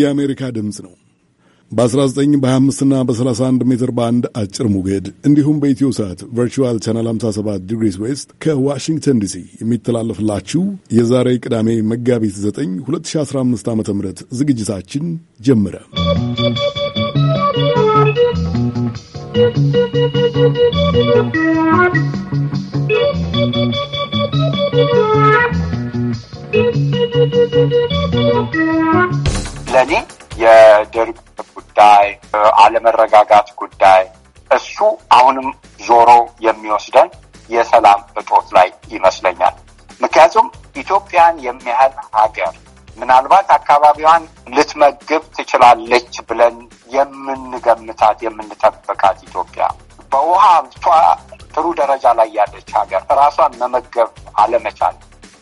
የአሜሪካ ድምፅ ነው። በ19 በ25ና በ31 ሜትር ባንድ አጭር ሞገድ እንዲሁም በኢትዮ ሰዓት ቨርቹዋል ቻናል 57 ዲግሪስ ዌስት ከዋሽንግተን ዲሲ የሚተላለፍላችሁ የዛሬ ቅዳሜ መጋቢት 9 2015 ዓ ም ዝግጅታችን ጀመረ። ¶¶ ለእኔ የድርቅ ጉዳይ፣ አለመረጋጋት ጉዳይ እሱ አሁንም ዞሮ የሚወስደን የሰላም እጦት ላይ ይመስለኛል። ምክንያቱም ኢትዮጵያን የሚያህል ሀገር ምናልባት አካባቢዋን ልትመግብ ትችላለች ብለን የምንገምታት የምንጠብቃት ኢትዮጵያ በውሃ ሀብቷ ጥሩ ደረጃ ላይ ያለች ሀገር ራሷን መመገብ አለመቻል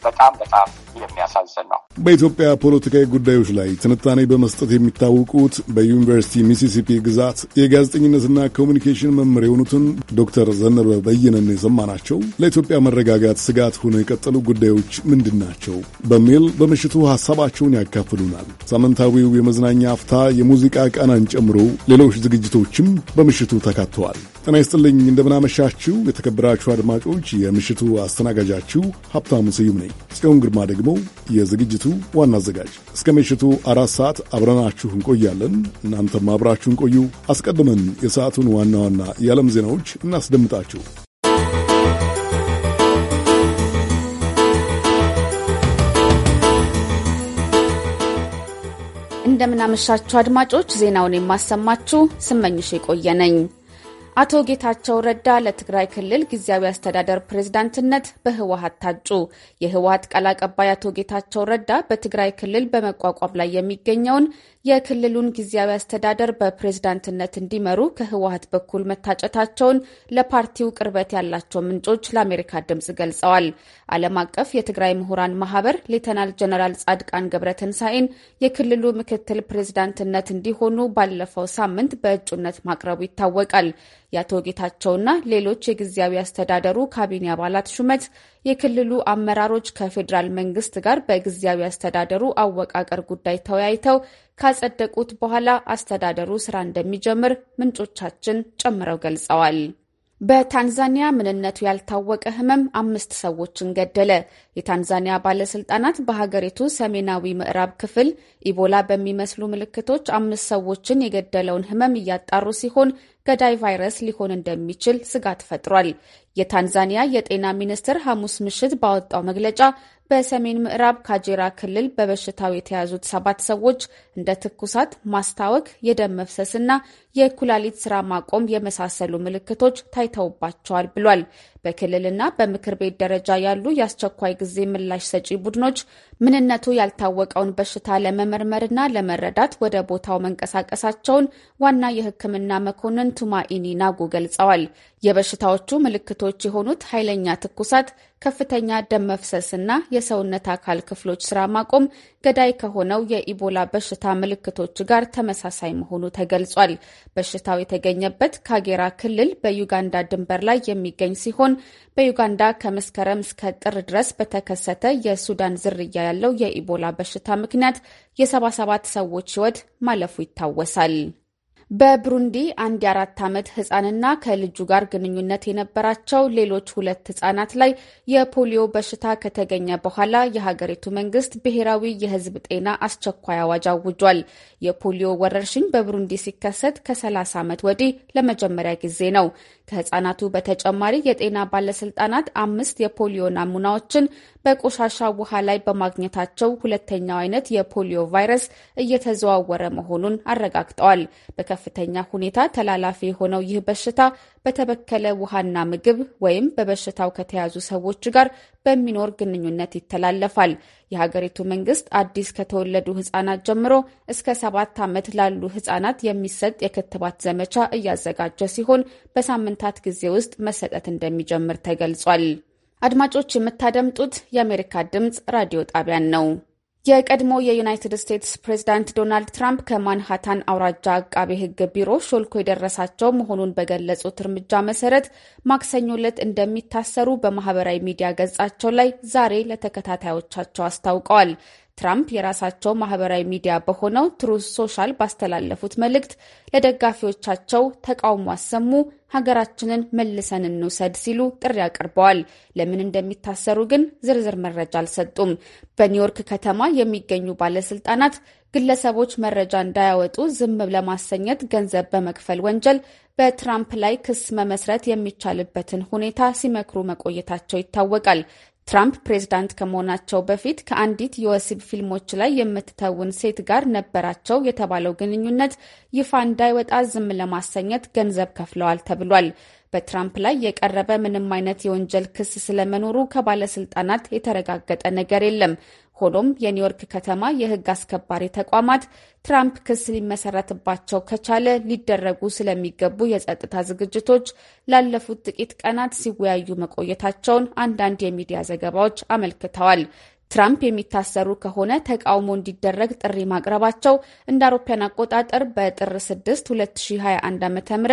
በጣም በጣም የሚያሳዝን ነው። በኢትዮጵያ ፖለቲካዊ ጉዳዮች ላይ ትንታኔ በመስጠት የሚታወቁት በዩኒቨርሲቲ ሚሲሲፒ ግዛት የጋዜጠኝነትና ኮሚኒኬሽን መምህር የሆኑትን ዶክተር ዘነበ በየነን የሰማናቸው ለኢትዮጵያ መረጋጋት ስጋት ሆነው የቀጠሉ ጉዳዮች ምንድን ናቸው በሚል በምሽቱ ሀሳባቸውን ያካፍሉናል። ሳምንታዊው የመዝናኛ አፍታ የሙዚቃ ቃናን ጨምሮ ሌሎች ዝግጅቶችም በምሽቱ ተካተዋል። ጤና ይስጥልኝ፣ እንደምናመሻችሁ የተከበራችሁ አድማጮች። የምሽቱ አስተናጋጃችሁ ሀብታሙ ስዩም ነኝ። ጽዮን ግርማ ደግሞ ደግሞ የዝግጅቱ ዋና አዘጋጅ። እስከ ምሽቱ አራት ሰዓት አብረናችሁ እንቆያለን። እናንተም አብራችሁን ቆዩ። አስቀድመን የሰዓቱን ዋና ዋና የዓለም ዜናዎች እናስደምጣችሁ። እንደምናመሻችሁ አድማጮች፣ ዜናውን የማሰማችሁ ስመኝሽ የቆየ ነኝ። አቶ ጌታቸው ረዳ ለትግራይ ክልል ጊዜያዊ አስተዳደር ፕሬዝዳንትነት በህወሀት ታጩ። የህወሀት ቃል አቀባይ አቶ ጌታቸው ረዳ በትግራይ ክልል በመቋቋም ላይ የሚገኘውን የክልሉን ጊዜያዊ አስተዳደር በፕሬዝዳንትነት እንዲመሩ ከህወሀት በኩል መታጨታቸውን ለፓርቲው ቅርበት ያላቸው ምንጮች ለአሜሪካ ድምፅ ገልጸዋል። ዓለም አቀፍ የትግራይ ምሁራን ማህበር ሌተናል ጀነራል ጻድቃን ገብረትንሳኤን የክልሉ ምክትል ፕሬዝዳንትነት እንዲሆኑ ባለፈው ሳምንት በእጩነት ማቅረቡ ይታወቃል። የአቶ ጌታቸውና ሌሎች የጊዜያዊ አስተዳደሩ ካቢኔ አባላት ሹመት የክልሉ አመራሮች ከፌዴራል መንግስት ጋር በጊዜያዊ አስተዳደሩ አወቃቀር ጉዳይ ተወያይተው ካጸደቁት በኋላ አስተዳደሩ ስራ እንደሚጀምር ምንጮቻችን ጨምረው ገልጸዋል። በታንዛኒያ ምንነቱ ያልታወቀ ህመም አምስት ሰዎችን ገደለ። የታንዛኒያ ባለስልጣናት በሀገሪቱ ሰሜናዊ ምዕራብ ክፍል ኢቦላ በሚመስሉ ምልክቶች አምስት ሰዎችን የገደለውን ህመም እያጣሩ ሲሆን ገዳይ ቫይረስ ሊሆን እንደሚችል ስጋት ፈጥሯል። የታንዛኒያ የጤና ሚኒስቴር ሐሙስ ምሽት ባወጣው መግለጫ በሰሜን ምዕራብ ካጄራ ክልል በበሽታው የተያዙት ሰባት ሰዎች እንደ ትኩሳት፣ ማስታወክ፣ የደም መፍሰስና የኩላሊት ስራ ማቆም የመሳሰሉ ምልክቶች ታይተውባቸዋል ብሏል። በክልልና በምክር ቤት ደረጃ ያሉ የአስቸኳይ ጊዜ ምላሽ ሰጪ ቡድኖች ምንነቱ ያልታወቀውን በሽታ ለመመርመርና ለመረዳት ወደ ቦታው መንቀሳቀሳቸውን ዋና የሕክምና መኮንን ቱማኢኒ ናጉ ገልጸዋል። የበሽታዎቹ ምልክቶች የሆኑት ኃይለኛ ትኩሳት፣ ከፍተኛ ደም መፍሰስና የሰውነት አካል ክፍሎች ስራ ማቆም ገዳይ ከሆነው የኢቦላ በሽታ ምልክቶች ጋር ተመሳሳይ መሆኑ ተገልጿል። በሽታው የተገኘበት ካጌራ ክልል በዩጋንዳ ድንበር ላይ የሚገኝ ሲሆን ሲሆን በዩጋንዳ ከመስከረም እስከ ጥር ድረስ በተከሰተ የሱዳን ዝርያ ያለው የኢቦላ በሽታ ምክንያት የ77 ሰዎች ሕይወት ማለፉ ይታወሳል። በብሩንዲ አንድ የአራት ዓመት ህጻንና ከልጁ ጋር ግንኙነት የነበራቸው ሌሎች ሁለት ህጻናት ላይ የፖሊዮ በሽታ ከተገኘ በኋላ የሀገሪቱ መንግስት ብሔራዊ የህዝብ ጤና አስቸኳይ አዋጅ አውጇል። የፖሊዮ ወረርሽኝ በብሩንዲ ሲከሰት ከ30 ዓመት ወዲህ ለመጀመሪያ ጊዜ ነው። ከህጻናቱ በተጨማሪ የጤና ባለስልጣናት አምስት የፖሊዮ ናሙናዎችን በቆሻሻ ውሃ ላይ በማግኘታቸው ሁለተኛው አይነት የፖሊዮ ቫይረስ እየተዘዋወረ መሆኑን አረጋግጠዋል። በከፍተኛ ሁኔታ ተላላፊ የሆነው ይህ በሽታ በተበከለ ውሃና ምግብ ወይም በበሽታው ከተያዙ ሰዎች ጋር በሚኖር ግንኙነት ይተላለፋል። የሀገሪቱ መንግስት አዲስ ከተወለዱ ህጻናት ጀምሮ እስከ ሰባት ዓመት ላሉ ህጻናት የሚሰጥ የክትባት ዘመቻ እያዘጋጀ ሲሆን በሳምንታት ጊዜ ውስጥ መሰጠት እንደሚጀምር ተገልጿል። አድማጮች የምታደምጡት የአሜሪካ ድምፅ ራዲዮ ጣቢያን ነው። የቀድሞ የዩናይትድ ስቴትስ ፕሬዝዳንት ዶናልድ ትራምፕ ከማንሃታን አውራጃ አቃቤ ሕግ ቢሮ ሾልኮ የደረሳቸው መሆኑን በገለጹት እርምጃ መሰረት ማክሰኞ ዕለት እንደሚታሰሩ በማህበራዊ ሚዲያ ገጻቸው ላይ ዛሬ ለተከታታዮቻቸው አስታውቀዋል። ትራምፕ የራሳቸው ማህበራዊ ሚዲያ በሆነው ትሩስ ሶሻል ባስተላለፉት መልእክት ለደጋፊዎቻቸው ተቃውሞ አሰሙ፣ ሀገራችንን መልሰን እንውሰድ ሲሉ ጥሪ አቅርበዋል። ለምን እንደሚታሰሩ ግን ዝርዝር መረጃ አልሰጡም። በኒውዮርክ ከተማ የሚገኙ ባለስልጣናት ግለሰቦች መረጃ እንዳያወጡ ዝም ለማሰኘት ገንዘብ በመክፈል ወንጀል በትራምፕ ላይ ክስ መመስረት የሚቻልበትን ሁኔታ ሲመክሩ መቆየታቸው ይታወቃል። ትራምፕ ፕሬዝዳንት ከመሆናቸው በፊት ከአንዲት የወሲብ ፊልሞች ላይ የምትተውን ሴት ጋር ነበራቸው የተባለው ግንኙነት ይፋ እንዳይወጣ ዝም ለማሰኘት ገንዘብ ከፍለዋል ተብሏል። በትራምፕ ላይ የቀረበ ምንም አይነት የወንጀል ክስ ስለመኖሩ ከባለስልጣናት የተረጋገጠ ነገር የለም። ሆኖም የኒውዮርክ ከተማ የህግ አስከባሪ ተቋማት ትራምፕ ክስ ሊመሰረትባቸው ከቻለ ሊደረጉ ስለሚገቡ የጸጥታ ዝግጅቶች ላለፉት ጥቂት ቀናት ሲወያዩ መቆየታቸውን አንዳንድ የሚዲያ ዘገባዎች አመልክተዋል። ትራምፕ የሚታሰሩ ከሆነ ተቃውሞ እንዲደረግ ጥሪ ማቅረባቸው እንደ አውሮፓውያን አቆጣጠር በጥር 6 2021 ዓ.ም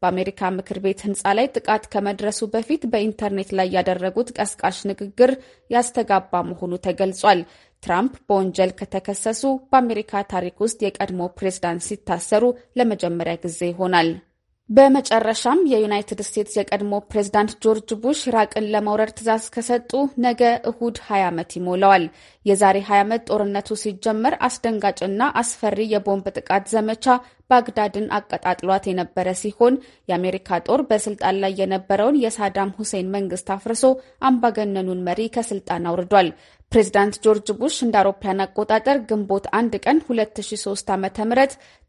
በአሜሪካ ምክር ቤት ህንፃ ላይ ጥቃት ከመድረሱ በፊት በኢንተርኔት ላይ ያደረጉት ቀስቃሽ ንግግር ያስተጋባ መሆኑ ተገልጿል። ትራምፕ በወንጀል ከተከሰሱ በአሜሪካ ታሪክ ውስጥ የቀድሞ ፕሬዝዳንት ሲታሰሩ ለመጀመሪያ ጊዜ ይሆናል። በመጨረሻም የዩናይትድ ስቴትስ የቀድሞ ፕሬዝዳንት ጆርጅ ቡሽ ኢራቅን ለመውረር ትዕዛዝ ከሰጡ ነገ እሁድ 20 ዓመት ይሞላዋል። የዛሬ 20 ዓመት ጦርነቱ ሲጀመር አስደንጋጭና አስፈሪ የቦምብ ጥቃት ዘመቻ ባግዳድን አቀጣጥሏት የነበረ ሲሆን የአሜሪካ ጦር በስልጣን ላይ የነበረውን የሳዳም ሁሴን መንግስት አፍርሶ አምባገነኑን መሪ ከስልጣን አውርዷል። ፕሬዚዳንት ጆርጅ ቡሽ እንደ አውሮፓያን አቆጣጠር ግንቦት አንድ ቀን 2003 ዓ ም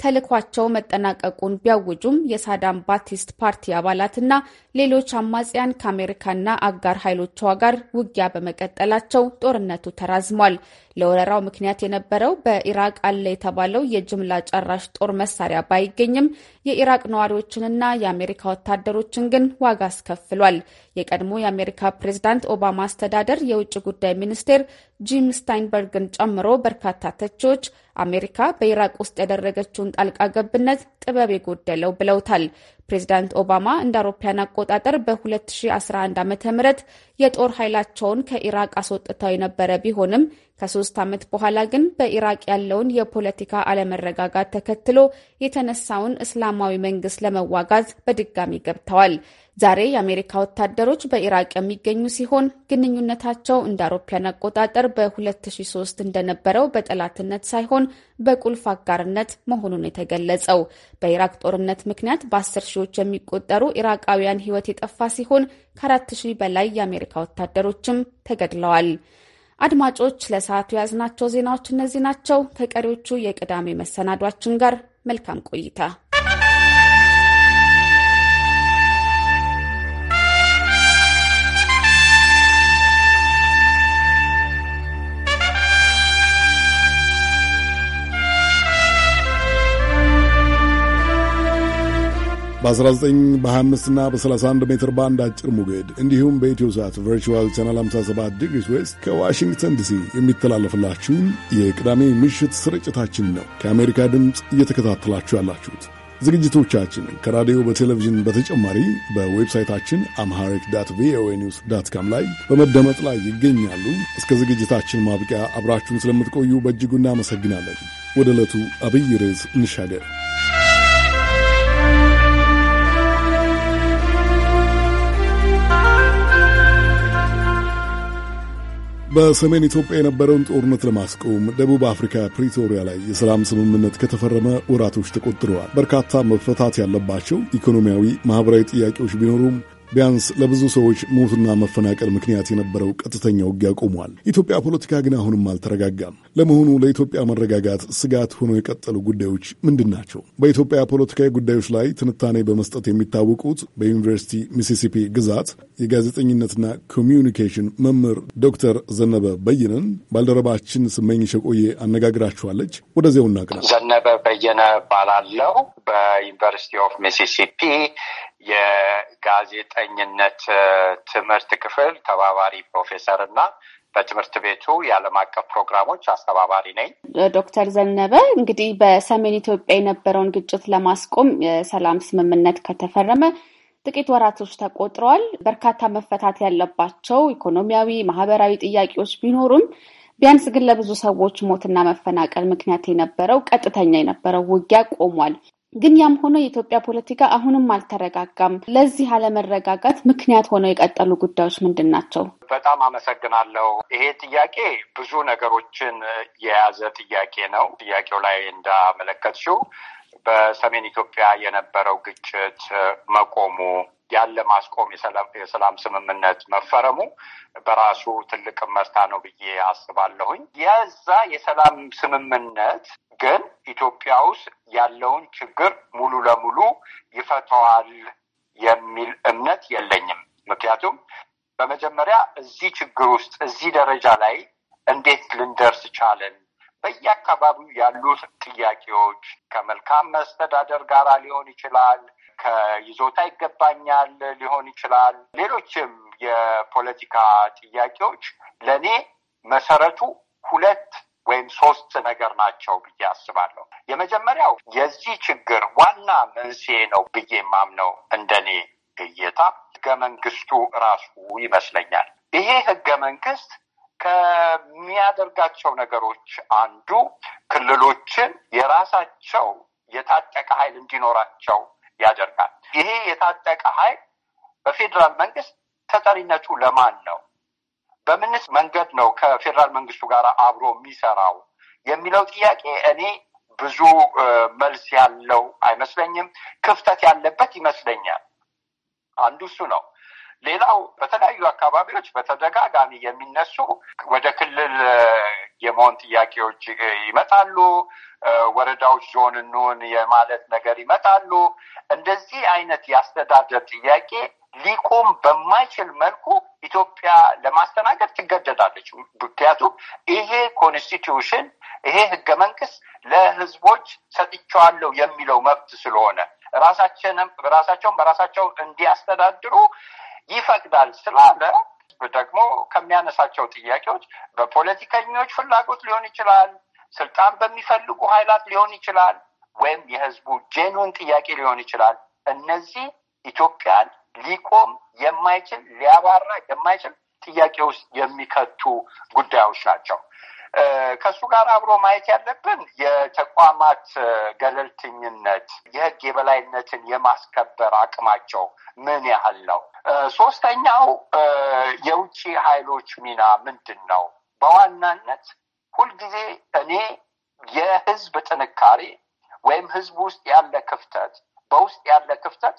ተልኳቸው መጠናቀቁን ቢያውጁም የሳዳም ባቲስት ፓርቲ አባላትና ሌሎች አማጽያን ከአሜሪካና አጋር ኃይሎቿ ጋር ውጊያ በመቀጠላቸው ጦርነቱ ተራዝሟል። ለወረራው ምክንያት የነበረው በኢራቅ አለ የተባለው የጅምላ ጨራሽ ጦር መሳሪያ ባይገኝም የኢራቅ ነዋሪዎችንና የአሜሪካ ወታደሮችን ግን ዋጋ አስከፍሏል። የቀድሞ የአሜሪካ ፕሬዚዳንት ኦባማ አስተዳደር የውጭ ጉዳይ ሚኒስቴር ጂም ስታይንበርግን ጨምሮ በርካታ ተቺዎች አሜሪካ በኢራቅ ውስጥ ያደረገችውን ጣልቃ ገብነት ጥበብ የጎደለው ብለውታል። ፕሬዚዳንት ኦባማ እንደ አውሮፓያን አቆጣጠር በ2011 ዓ ም የጦር ኃይላቸውን ከኢራቅ አስወጥተው የነበረ ቢሆንም ከሶስት ዓመት በኋላ ግን በኢራቅ ያለውን የፖለቲካ አለመረጋጋት ተከትሎ የተነሳውን እስላማዊ መንግስት ለመዋጋት በድጋሚ ገብተዋል። ዛሬ የአሜሪካ ወታደሮች በኢራቅ የሚገኙ ሲሆን ግንኙነታቸው እንደ አውሮፓውያን አቆጣጠር በ2003 እንደነበረው በጠላትነት ሳይሆን በቁልፍ አጋርነት መሆኑን የተገለጸው በኢራቅ ጦርነት ምክንያት በ በ10 ሺዎች የሚቆጠሩ ኢራቃውያን ሕይወት የጠፋ ሲሆን 4 ሺህ በላይ የአሜሪካ ወታደሮችም ተገድለዋል። አድማጮች ለሰዓቱ የያዝናቸው ዜናዎች እነዚህ ናቸው። ከቀሪዎቹ የቅዳሜ መሰናዷችን ጋር መልካም ቆይታ በ19 በ25 እና በ31 ሜትር ባንድ አጭር ሞገድ እንዲሁም በኢትዮ ሰዓት ቨርቹዋል ቻናል 57 ዲግሪስ ዌስት ከዋሽንግተን ዲሲ የሚተላለፍላችሁን የቅዳሜ ምሽት ስርጭታችን ነው ከአሜሪካ ድምፅ እየተከታተላችሁ ያላችሁት። ዝግጅቶቻችን ከራዲዮ በቴሌቪዥን በተጨማሪ በዌብሳይታችን አምሃሪክ ዳት ቪኦኤ ኒውስ ዳት ካም ላይ በመደመጥ ላይ ይገኛሉ። እስከ ዝግጅታችን ማብቂያ አብራችሁን ስለምትቆዩ በእጅጉ እናመሰግናለን። ወደ ዕለቱ አብይ ርዕስ እንሻገር። በሰሜን ኢትዮጵያ የነበረውን ጦርነት ለማስቆም ደቡብ አፍሪካ ፕሪቶሪያ ላይ የሰላም ስምምነት ከተፈረመ ወራቶች ተቆጥረዋል። በርካታ መፈታት ያለባቸው ኢኮኖሚያዊ፣ ማህበራዊ ጥያቄዎች ቢኖሩም ቢያንስ ለብዙ ሰዎች ሞትና መፈናቀል ምክንያት የነበረው ቀጥተኛ ውጊያ ቆሟል። ኢትዮጵያ ፖለቲካ ግን አሁንም አልተረጋጋም። ለመሆኑ ለኢትዮጵያ መረጋጋት ስጋት ሆነው የቀጠሉ ጉዳዮች ምንድን ናቸው? በኢትዮጵያ ፖለቲካዊ ጉዳዮች ላይ ትንታኔ በመስጠት የሚታወቁት በዩኒቨርሲቲ ሚሲሲፒ ግዛት የጋዜጠኝነትና ኮሚዩኒኬሽን መምህር ዶክተር ዘነበ በየነን ባልደረባችን ስመኝሽ የቆየ አነጋግራችኋለች። ወደዚያው እናቅናል። ዘነበ በየነ ባላለው በዩኒቨርሲቲ ኦፍ ሚሲሲፒ የጋዜጠኝነት ትምህርት ክፍል ተባባሪ ፕሮፌሰር እና በትምህርት ቤቱ የዓለም አቀፍ ፕሮግራሞች አስተባባሪ ነኝ። ዶክተር ዘነበ እንግዲህ በሰሜን ኢትዮጵያ የነበረውን ግጭት ለማስቆም የሰላም ስምምነት ከተፈረመ ጥቂት ወራቶች ተቆጥረዋል። በርካታ መፈታት ያለባቸው ኢኮኖሚያዊ፣ ማህበራዊ ጥያቄዎች ቢኖሩም ቢያንስ ግን ለብዙ ሰዎች ሞትና መፈናቀል ምክንያት የነበረው ቀጥተኛ የነበረው ውጊያ ቆሟል። ግን ያም ሆኖ የኢትዮጵያ ፖለቲካ አሁንም አልተረጋጋም። ለዚህ አለመረጋጋት ምክንያት ሆነው የቀጠሉ ጉዳዮች ምንድን ናቸው? በጣም አመሰግናለሁ። ይሄ ጥያቄ ብዙ ነገሮችን የያዘ ጥያቄ ነው። ጥያቄው ላይ እንዳመለከትሽው በሰሜን ኢትዮጵያ የነበረው ግጭት መቆሙ ያለ ማስቆም የሰላም ስምምነት መፈረሙ በራሱ ትልቅ መርታ ነው ብዬ አስባለሁኝ። የዛ የሰላም ስምምነት ግን ኢትዮጵያ ውስጥ ያለውን ችግር ሙሉ ለሙሉ ይፈተዋል የሚል እምነት የለኝም። ምክንያቱም በመጀመሪያ እዚህ ችግር ውስጥ እዚህ ደረጃ ላይ እንዴት ልንደርስ ቻለን? በየአካባቢው ያሉት ጥያቄዎች ከመልካም መስተዳደር ጋር ሊሆን ይችላል ከይዞታ ይገባኛል ሊሆን ይችላል። ሌሎችም የፖለቲካ ጥያቄዎች ለእኔ መሰረቱ ሁለት ወይም ሶስት ነገር ናቸው ብዬ አስባለሁ። የመጀመሪያው የዚህ ችግር ዋና መንስኤ ነው ብዬ የማምነው እንደኔ እይታ ህገ መንግስቱ ራሱ ይመስለኛል። ይሄ ህገ መንግስት ከሚያደርጋቸው ነገሮች አንዱ ክልሎችን የራሳቸው የታጠቀ ኃይል እንዲኖራቸው ያደርጋል። ይሄ የታጠቀ ኃይል በፌዴራል መንግስት ተጠሪነቱ ለማን ነው? በምንስ መንገድ ነው ከፌዴራል መንግስቱ ጋር አብሮ የሚሰራው የሚለው ጥያቄ እኔ ብዙ መልስ ያለው አይመስለኝም። ክፍተት ያለበት ይመስለኛል። አንዱ እሱ ነው። ሌላው በተለያዩ አካባቢዎች በተደጋጋሚ የሚነሱ ወደ ክልል የመሆን ጥያቄዎች ይመጣሉ። ወረዳዎች ዞን እንሁን የማለት ነገር ይመጣሉ። እንደዚህ አይነት የአስተዳደር ጥያቄ ሊቆም በማይችል መልኩ ኢትዮጵያ ለማስተናገድ ትገደዳለች። ምክንያቱም ይሄ ኮንስቲትዩሽን ይሄ ህገ መንግስት ለህዝቦች ሰጥቼዋለሁ የሚለው መብት ስለሆነ ራሳቸውን በራሳቸው እንዲያስተዳድሩ ይፈቅዳል ስላለ ደግሞ ከሚያነሳቸው ጥያቄዎች በፖለቲከኞች ፍላጎት ሊሆን ይችላል፣ ስልጣን በሚፈልጉ ኃይላት ሊሆን ይችላል፣ ወይም የህዝቡ ጄኑን ጥያቄ ሊሆን ይችላል። እነዚህ ኢትዮጵያን ሊቆም የማይችል ሊያባራ የማይችል ጥያቄ ውስጥ የሚከቱ ጉዳዮች ናቸው። ከእሱ ጋር አብሮ ማየት ያለብን የተቋማት ገለልተኝነት፣ የህግ የበላይነትን የማስከበር አቅማቸው ምን ያህል ነው? ሶስተኛው የውጭ ኃይሎች ሚና ምንድን ነው? በዋናነት ሁልጊዜ እኔ የህዝብ ጥንካሬ ወይም ህዝብ ውስጥ ያለ ክፍተት፣ በውስጥ ያለ ክፍተት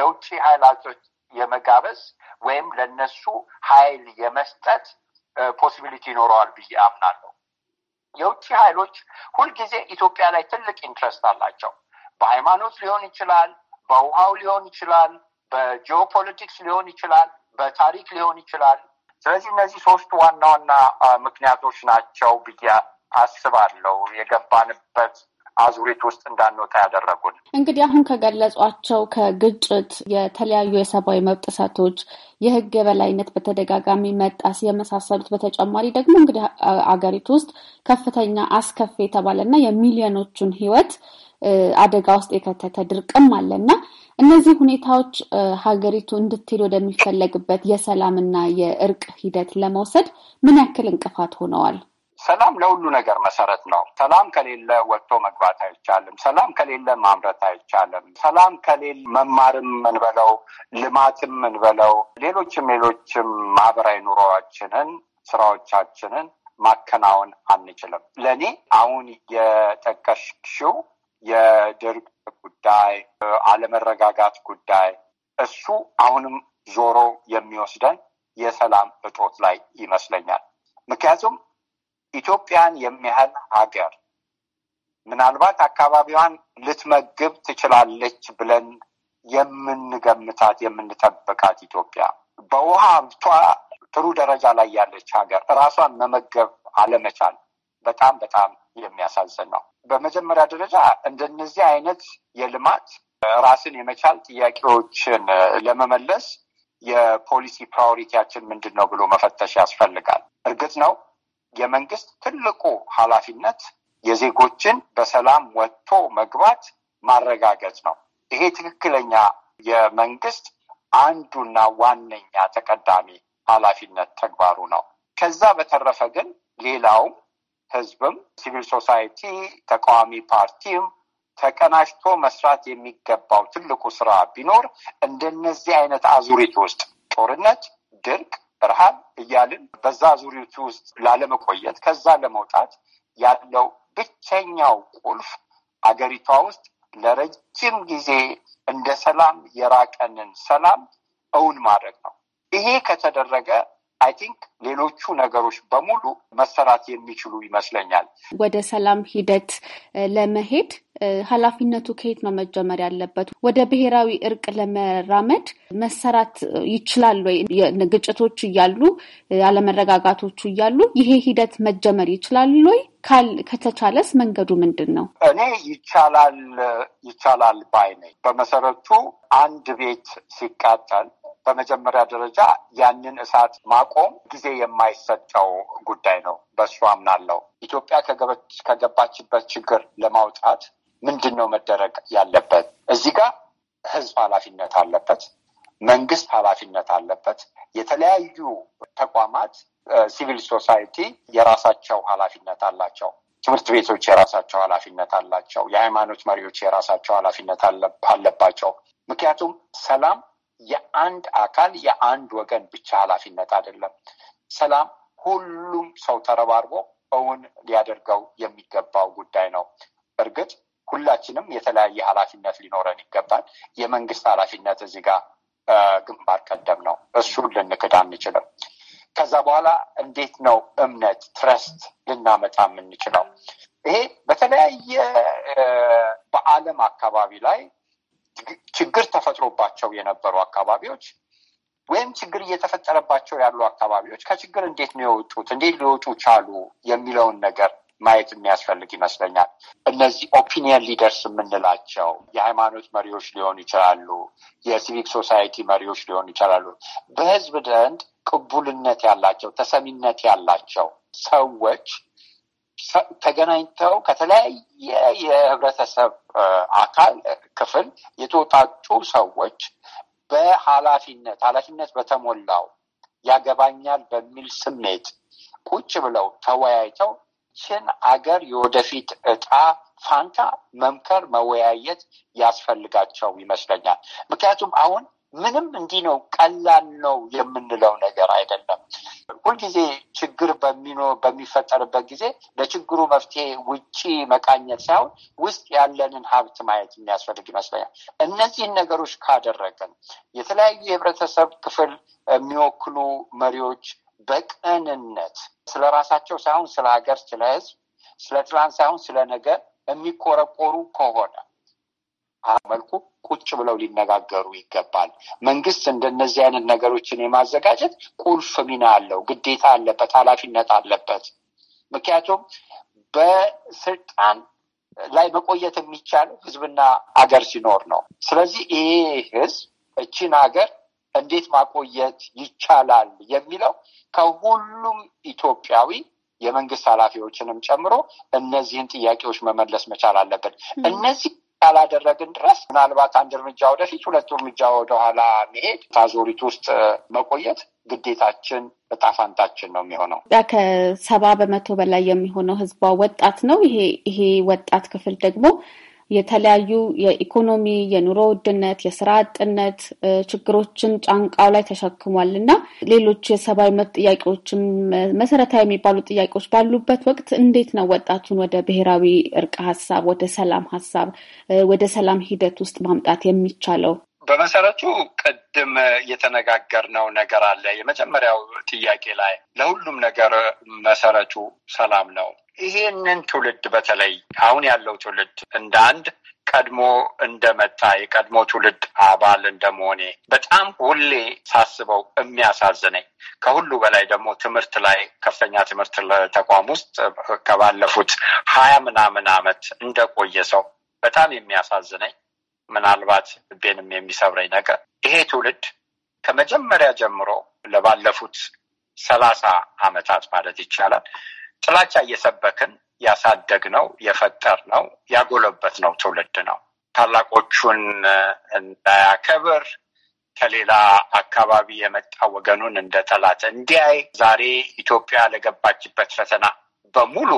የውጭ ኃይላቶች የመጋበዝ ወይም ለነሱ ኃይል የመስጠት ፖሲቢሊቲ ይኖረዋል ብዬ አምናለሁ። የውጭ ኃይሎች ሁልጊዜ ኢትዮጵያ ላይ ትልቅ ኢንትረስት አላቸው። በሃይማኖት ሊሆን ይችላል፣ በውሃው ሊሆን ይችላል፣ በጂኦፖለቲክስ ሊሆን ይችላል፣ በታሪክ ሊሆን ይችላል። ስለዚህ እነዚህ ሶስቱ ዋና ዋና ምክንያቶች ናቸው ብዬ አስባለሁ የገባንበት አዙሪት ውስጥ እንዳንወጣ ያደረጉን። እንግዲህ አሁን ከገለጿቸው ከግጭት፣ የተለያዩ የሰብአዊ መብት ጥሰቶች፣ የህግ የበላይነት በተደጋጋሚ መጣስ የመሳሰሉት በተጨማሪ ደግሞ እንግዲህ አገሪቱ ውስጥ ከፍተኛ አስከፊ የተባለና የሚሊዮኖቹን ህይወት አደጋ ውስጥ የከተተ ድርቅም አለና እነዚህ ሁኔታዎች ሀገሪቱ እንድትሄድ ወደሚፈለግበት የሰላምና የእርቅ ሂደት ለመውሰድ ምን ያክል እንቅፋት ሆነዋል? ሰላም ለሁሉ ነገር መሰረት ነው። ሰላም ከሌለ ወጥቶ መግባት አይቻልም። ሰላም ከሌለ ማምረት አይቻልም። ሰላም ከሌለ መማርም ምንበለው ልማትም ምንበለው ሌሎችም ሌሎችም ማህበራዊ ኑሮዎችንን ስራዎቻችንን ማከናወን አንችልም። ለእኔ አሁን የጠቀሽው የድርቅ ጉዳይ፣ አለመረጋጋት ጉዳይ እሱ አሁንም ዞሮ የሚወስደን የሰላም እጦት ላይ ይመስለኛል። ምክንያቱም ኢትዮጵያን የሚያህል ሀገር ምናልባት አካባቢዋን ልትመግብ ትችላለች ብለን የምንገምታት የምንጠብቃት ኢትዮጵያ በውሃ ሀብቷ ጥሩ ደረጃ ላይ ያለች ሀገር ራሷን መመገብ አለመቻል በጣም በጣም የሚያሳዝን ነው። በመጀመሪያ ደረጃ እንደነዚህ አይነት የልማት ራስን የመቻል ጥያቄዎችን ለመመለስ የፖሊሲ ፕራዮሪቲያችን ምንድን ነው ብሎ መፈተሽ ያስፈልጋል። እርግጥ ነው የመንግስት ትልቁ ኃላፊነት የዜጎችን በሰላም ወጥቶ መግባት ማረጋገጥ ነው። ይሄ ትክክለኛ የመንግስት አንዱና ዋነኛ ተቀዳሚ ኃላፊነት ተግባሩ ነው። ከዛ በተረፈ ግን ሌላውም ህዝብም፣ ሲቪል ሶሳይቲ፣ ተቃዋሚ ፓርቲም ተቀናጅቶ መስራት የሚገባው ትልቁ ስራ ቢኖር እንደነዚህ አይነት አዙሪት ውስጥ ጦርነት፣ ድርቅ ረሃብ እያልን በዛ ዙሪቱ ውስጥ ላለመቆየት ከዛ ለመውጣት ያለው ብቸኛው ቁልፍ አገሪቷ ውስጥ ለረጅም ጊዜ እንደ ሰላም የራቀንን ሰላም እውን ማድረግ ነው። ይሄ ከተደረገ አይ ቲንክ ሌሎቹ ነገሮች በሙሉ መሰራት የሚችሉ ይመስለኛል። ወደ ሰላም ሂደት ለመሄድ ኃላፊነቱ ከየት ነው መጀመር ያለበት? ወደ ብሔራዊ እርቅ ለመራመድ መሰራት ይችላል ወይ? ግጭቶች እያሉ አለመረጋጋቶቹ እያሉ ይሄ ሂደት መጀመር ይችላል ወይ? ከተቻለስ መንገዱ ምንድን ነው? እኔ ይቻላል ይቻላል ባይ ነኝ። በመሰረቱ አንድ ቤት ሲቃጠል በመጀመሪያ ደረጃ ያንን እሳት ማቆም ጊዜ የማይሰጠው ጉዳይ ነው። በሱ አምናለሁ። ኢትዮጵያ ከገባችበት ችግር ለማውጣት ምንድን ነው መደረግ ያለበት? እዚህ ጋር ህዝብ ኃላፊነት አለበት። መንግስት ኃላፊነት አለበት። የተለያዩ ተቋማት ሲቪል ሶሳይቲ የራሳቸው ኃላፊነት አላቸው። ትምህርት ቤቶች የራሳቸው ኃላፊነት አላቸው። የሃይማኖት መሪዎች የራሳቸው ኃላፊነት አለባቸው። ምክንያቱም ሰላም የአንድ አካል የአንድ ወገን ብቻ ኃላፊነት አይደለም። ሰላም ሁሉም ሰው ተረባርቦ እውን ሊያደርገው የሚገባው ጉዳይ ነው። እርግጥ ሁላችንም የተለያየ ኃላፊነት ሊኖረን ይገባል። የመንግስት ኃላፊነት እዚህ ጋር ግንባር ቀደም ነው። እሱን ልንክድ አንችልም። ከዛ በኋላ እንዴት ነው እምነት ትረስት ልናመጣ የምንችለው? ይሄ በተለያየ በዓለም አካባቢ ላይ ችግር ተፈጥሮባቸው የነበሩ አካባቢዎች ወይም ችግር እየተፈጠረባቸው ያሉ አካባቢዎች ከችግር እንዴት ነው የወጡት፣ እንዴት ሊወጡ ቻሉ የሚለውን ነገር ማየት የሚያስፈልግ ይመስለኛል። እነዚህ ኦፒኒየን ሊደርስ የምንላቸው የሃይማኖት መሪዎች ሊሆኑ ይችላሉ፣ የሲቪክ ሶሳይቲ መሪዎች ሊሆኑ ይችላሉ። በህዝብ ዘንድ ቅቡልነት ያላቸው ተሰሚነት ያላቸው ሰዎች ተገናኝተው ከተለያየ የህብረተሰብ አካል ክፍል የተወጣጩ ሰዎች በኃላፊነት ኃላፊነት በተሞላው ያገባኛል በሚል ስሜት ቁጭ ብለው ተወያይተው ይህን አገር የወደፊት እጣ ፋንታ መምከር መወያየት ያስፈልጋቸው ይመስለኛል። ምክንያቱም አሁን ምንም እንዲህ ነው ቀላል ነው የምንለው ነገር አይደለም። ሁልጊዜ ችግር በሚኖ በሚፈጠርበት ጊዜ ለችግሩ መፍትሄ ውጪ መቃኘት ሳይሆን ውስጥ ያለንን ሀብት ማየት የሚያስፈልግ ይመስለኛል። እነዚህን ነገሮች ካደረግን የተለያዩ የህብረተሰብ ክፍል የሚወክሉ መሪዎች በቅንነት ስለ ራሳቸው ሳይሆን ስለ ሀገር፣ ስለ ህዝብ፣ ስለ ትላንት ሳይሆን ስለ ነገር የሚቆረቆሩ ከሆነ መልኩ ቁጭ ብለው ሊነጋገሩ ይገባል። መንግስት እንደነዚህ አይነት ነገሮችን የማዘጋጀት ቁልፍ ሚና አለው፣ ግዴታ አለበት፣ ኃላፊነት አለበት። ምክንያቱም በስልጣን ላይ መቆየት የሚቻለው ህዝብና አገር ሲኖር ነው። ስለዚህ ይሄ ህዝብ እችን ሀገር እንዴት ማቆየት ይቻላል የሚለው ከሁሉም ኢትዮጵያዊ የመንግስት ኃላፊዎችንም ጨምሮ እነዚህን ጥያቄዎች መመለስ መቻል አለብን። እነዚህ እስካላደረግን ድረስ ምናልባት አንድ እርምጃ ወደፊት፣ ሁለቱ እርምጃ ወደኋላ መሄድ ታዞሪት ውስጥ መቆየት ግዴታችን በጣፋንታችን ነው የሚሆነው። ከሰባ በመቶ በላይ የሚሆነው ህዝቧ ወጣት ነው። ይሄ ይሄ ወጣት ክፍል ደግሞ የተለያዩ የኢኮኖሚ የኑሮ ውድነት፣ የስራ አጥነት ችግሮችን ጫንቃው ላይ ተሸክሟል እና ሌሎች የሰብአዊ መብት ጥያቄዎችም መሰረታዊ የሚባሉ ጥያቄዎች ባሉበት ወቅት እንዴት ነው ወጣቱን ወደ ብሔራዊ እርቅ ሀሳብ፣ ወደ ሰላም ሀሳብ፣ ወደ ሰላም ሂደት ውስጥ ማምጣት የሚቻለው? በመሰረቱ ቅድም የተነጋገርነው ነገር አለ። የመጀመሪያው ጥያቄ ላይ ለሁሉም ነገር መሰረቱ ሰላም ነው። ይሄንን ትውልድ በተለይ አሁን ያለው ትውልድ እንደ አንድ ቀድሞ እንደመጣ የቀድሞ ትውልድ አባል እንደመሆኔ በጣም ሁሌ ሳስበው የሚያሳዝነኝ ከሁሉ በላይ ደግሞ ትምህርት ላይ ከፍተኛ ትምህርት ተቋም ውስጥ ከባለፉት ሀያ ምናምን ዓመት እንደቆየ ሰው በጣም የሚያሳዝነኝ ምናልባት ልቤንም የሚሰብረኝ ነገር ይሄ ትውልድ ከመጀመሪያ ጀምሮ ለባለፉት ሰላሳ ዓመታት ማለት ይቻላል ጥላቻ እየሰበክን ያሳደግ ነው የፈጠር ነው ያጎለበት ነው ትውልድ ነው። ታላቆቹን እንዳያከብር ከሌላ አካባቢ የመጣ ወገኑን እንደ ጠላት እንዲያይ ዛሬ ኢትዮጵያ ለገባችበት ፈተና በሙሉ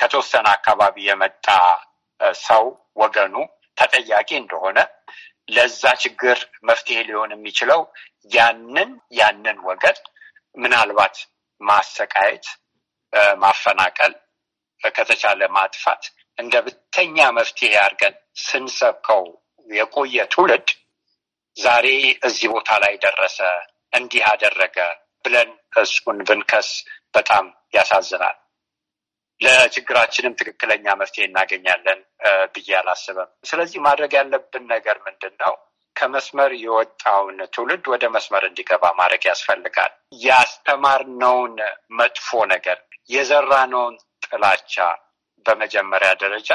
ከተወሰነ አካባቢ የመጣ ሰው ወገኑ ተጠያቂ እንደሆነ ለዛ ችግር መፍትሄ ሊሆን የሚችለው ያንን ያንን ወገን ምናልባት ማሰቃየት ማፈናቀል፣ ከተቻለ ማጥፋት እንደ ብተኛ መፍትሄ አድርገን ስንሰብከው የቆየ ትውልድ ዛሬ እዚህ ቦታ ላይ ደረሰ፣ እንዲህ አደረገ ብለን እሱን ብንከስ በጣም ያሳዝናል። ለችግራችንም ትክክለኛ መፍትሄ እናገኛለን ብዬ አላስብም። ስለዚህ ማድረግ ያለብን ነገር ምንድን ነው? ከመስመር የወጣውን ትውልድ ወደ መስመር እንዲገባ ማድረግ ያስፈልጋል። ያስተማርነውን መጥፎ ነገር የዘራነውን ጥላቻ በመጀመሪያ ደረጃ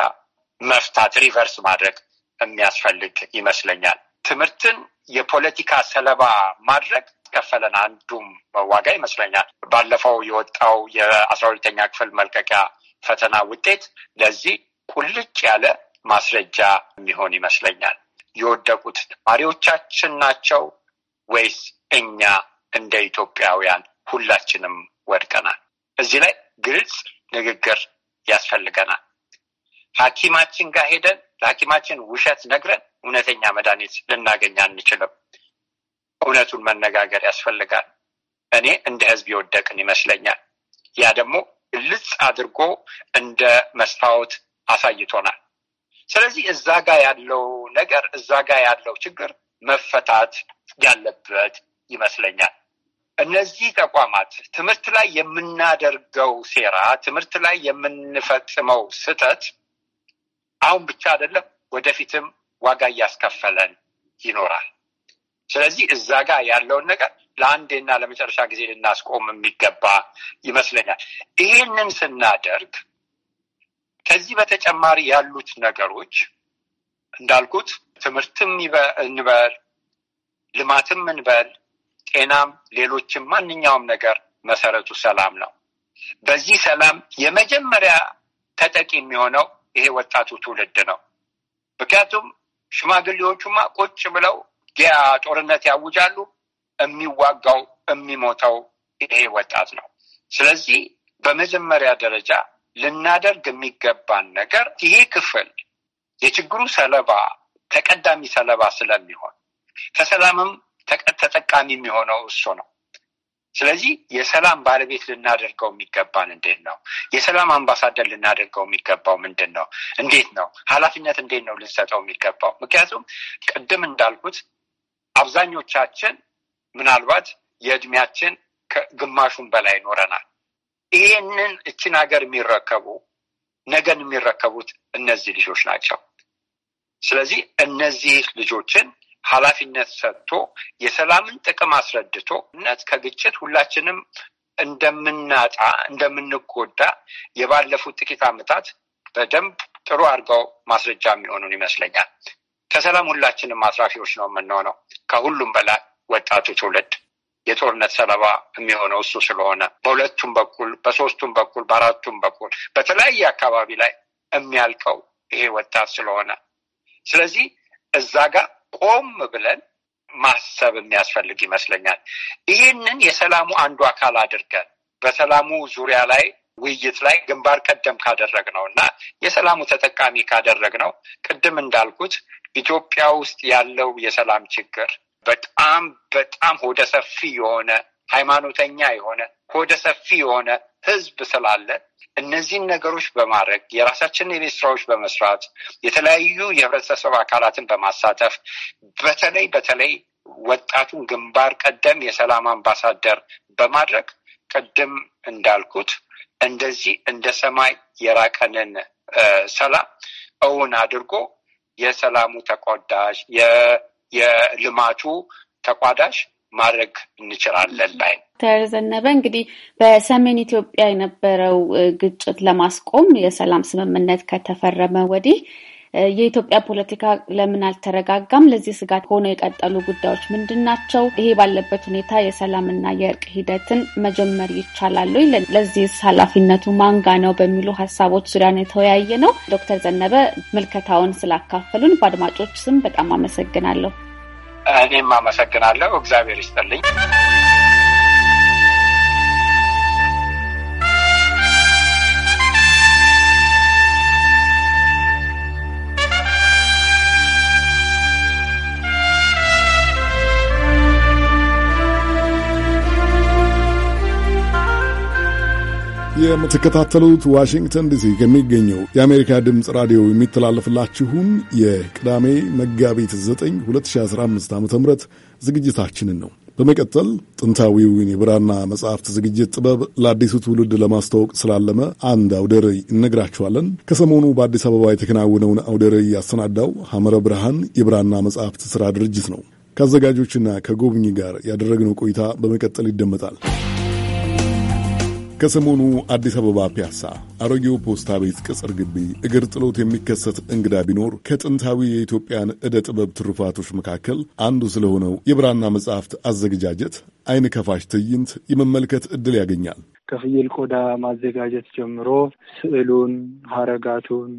መፍታት ሪቨርስ ማድረግ የሚያስፈልግ ይመስለኛል። ትምህርትን የፖለቲካ ሰለባ ማድረግ ከፈለን አንዱም ዋጋ ይመስለኛል። ባለፈው የወጣው የአስራ ሁለተኛ ክፍል መልቀቂያ ፈተና ውጤት ለዚህ ቁልጭ ያለ ማስረጃ የሚሆን ይመስለኛል። የወደቁት ተማሪዎቻችን ናቸው ወይስ እኛ እንደ ኢትዮጵያውያን ሁላችንም ወድቀናል? እዚህ ላይ ግልጽ ንግግር ያስፈልገናል። ሐኪማችን ጋር ሄደን ለሐኪማችን ውሸት ነግረን እውነተኛ መድኃኒት ልናገኝ አንችልም። እውነቱን መነጋገር ያስፈልጋል። እኔ እንደ ህዝብ የወደቅን ይመስለኛል። ያ ደግሞ ልጽ አድርጎ እንደ መስታወት አሳይቶናል። ስለዚህ እዛ ጋር ያለው ነገር እዛ ጋር ያለው ችግር መፈታት ያለበት ይመስለኛል። እነዚህ ተቋማት ትምህርት ላይ የምናደርገው ሴራ፣ ትምህርት ላይ የምንፈጽመው ስህተት አሁን ብቻ አይደለም፣ ወደፊትም ዋጋ እያስከፈለን ይኖራል። ስለዚህ እዛ ጋር ያለውን ነገር ለአንዴና ለመጨረሻ ጊዜ ልናስቆም የሚገባ ይመስለኛል። ይህንን ስናደርግ ከዚህ በተጨማሪ ያሉት ነገሮች እንዳልኩት ትምህርትም እንበል ልማትም እንበል ጤናም፣ ሌሎችም ማንኛውም ነገር መሰረቱ ሰላም ነው። በዚህ ሰላም የመጀመሪያ ተጠቂ የሚሆነው ይሄ ወጣቱ ትውልድ ነው። ምክንያቱም ሽማግሌዎቹማ ቁጭ ብለው ጦርነት ያውጃሉ። የሚዋጋው የሚሞተው ይሄ ወጣት ነው። ስለዚህ በመጀመሪያ ደረጃ ልናደርግ የሚገባን ነገር ይሄ ክፍል የችግሩ ሰለባ ተቀዳሚ ሰለባ ስለሚሆን ከሰላምም ተጠቃሚ የሚሆነው እሱ ነው። ስለዚህ የሰላም ባለቤት ልናደርገው የሚገባን እንዴት ነው? የሰላም አምባሳደር ልናደርገው የሚገባው ምንድን ነው? እንዴት ነው? ኃላፊነት እንዴት ነው ልንሰጠው የሚገባው? ምክንያቱም ቅድም እንዳልኩት አብዛኞቻችን ምናልባት የእድሜያችን ከግማሹን በላይ ይኖረናል። ይህንን እችን ሀገር የሚረከቡ ነገን የሚረከቡት እነዚህ ልጆች ናቸው። ስለዚህ እነዚህ ልጆችን ኃላፊነት ሰጥቶ የሰላምን ጥቅም አስረድቶ እነት ከግጭት ሁላችንም እንደምናጣ እንደምንጎዳ የባለፉት ጥቂት ዓመታት በደንብ ጥሩ አድርገው ማስረጃ የሚሆኑን ይመስለኛል። ከሰላም ሁላችንም አትራፊዎች ነው የምንሆነው። ከሁሉም በላይ ወጣቱ ትውልድ የጦርነት ሰለባ የሚሆነው እሱ ስለሆነ በሁለቱም በኩል በሶስቱም በኩል በአራቱም በኩል በተለያየ አካባቢ ላይ የሚያልቀው ይሄ ወጣት ስለሆነ ስለዚህ እዛ ጋር ቆም ብለን ማሰብ የሚያስፈልግ ይመስለኛል። ይህንን የሰላሙ አንዱ አካል አድርገን በሰላሙ ዙሪያ ላይ ውይይት ላይ ግንባር ቀደም ካደረግ ነው እና የሰላሙ ተጠቃሚ ካደረግ ነው ቅድም እንዳልኩት ኢትዮጵያ ውስጥ ያለው የሰላም ችግር በጣም በጣም ሆደ ሰፊ የሆነ ሃይማኖተኛ የሆነ ሆደ ሰፊ የሆነ ህዝብ ስላለ እነዚህን ነገሮች በማድረግ የራሳችንን የቤት ስራዎች በመስራት የተለያዩ የህብረተሰብ አካላትን በማሳተፍ በተለይ በተለይ ወጣቱን ግንባር ቀደም የሰላም አምባሳደር በማድረግ ቅድም እንዳልኩት እንደዚህ እንደ ሰማይ የራቀንን ሰላም እውን አድርጎ የሰላሙ ተቋዳሽ የልማቱ ተቋዳሽ ማድረግ እንችላለን ላይ ዶክተር ዘነበ እንግዲህ በሰሜን ኢትዮጵያ የነበረው ግጭት ለማስቆም የሰላም ስምምነት ከተፈረመ ወዲህ የኢትዮጵያ ፖለቲካ ለምን አልተረጋጋም? ለዚህ ስጋት ሆነው የቀጠሉ ጉዳዮች ምንድን ናቸው? ይሄ ባለበት ሁኔታ የሰላምና የእርቅ ሂደትን መጀመር ይቻላሉ? ለዚህ ኃላፊነቱ ማንጋ ነው? በሚሉ ሀሳቦች ዙሪያ ነው የተወያየ ነው። ዶክተር ዘነበ ምልከታውን ስላካፈሉን በአድማጮች ስም በጣም አመሰግናለሁ። እኔም አመሰግናለሁ። እግዚአብሔር ይስጥልኝ። የምትከታተሉት ዋሽንግተን ዲሲ ከሚገኘው የአሜሪካ ድምፅ ራዲዮ የሚተላለፍላችሁን የቅዳሜ መጋቢት 9 2015 ዓ ም ዝግጅታችንን ነው። በመቀጠል ጥንታዊውን የብራና መጽሐፍት ዝግጅት ጥበብ ለአዲሱ ትውልድ ለማስተዋወቅ ስላለመ አንድ አውደ እነግራችኋለን። ከሰሞኑ በአዲስ አበባ የተከናወነውን አውደ ያሰናዳው ሐመረ ብርሃን የብራና መጽሐፍት ሥራ ድርጅት ነው። ከአዘጋጆችና ከጎብኚ ጋር ያደረግነው ቆይታ በመቀጠል ይደመጣል። ከሰሞኑ አዲስ አበባ ፒያሳ አሮጌው ፖስታ ቤት ቅጽር ግቢ እግር ጥሎት የሚከሰት እንግዳ ቢኖር ከጥንታዊ የኢትዮጵያን ዕደ ጥበብ ትሩፋቶች መካከል አንዱ ስለሆነው የብራና መጽሐፍት አዘገጃጀት አይን ከፋሽ ትዕይንት የመመልከት ዕድል ያገኛል። ከፍየል ቆዳ ማዘጋጀት ጀምሮ ስዕሉን፣ ሀረጋቱን፣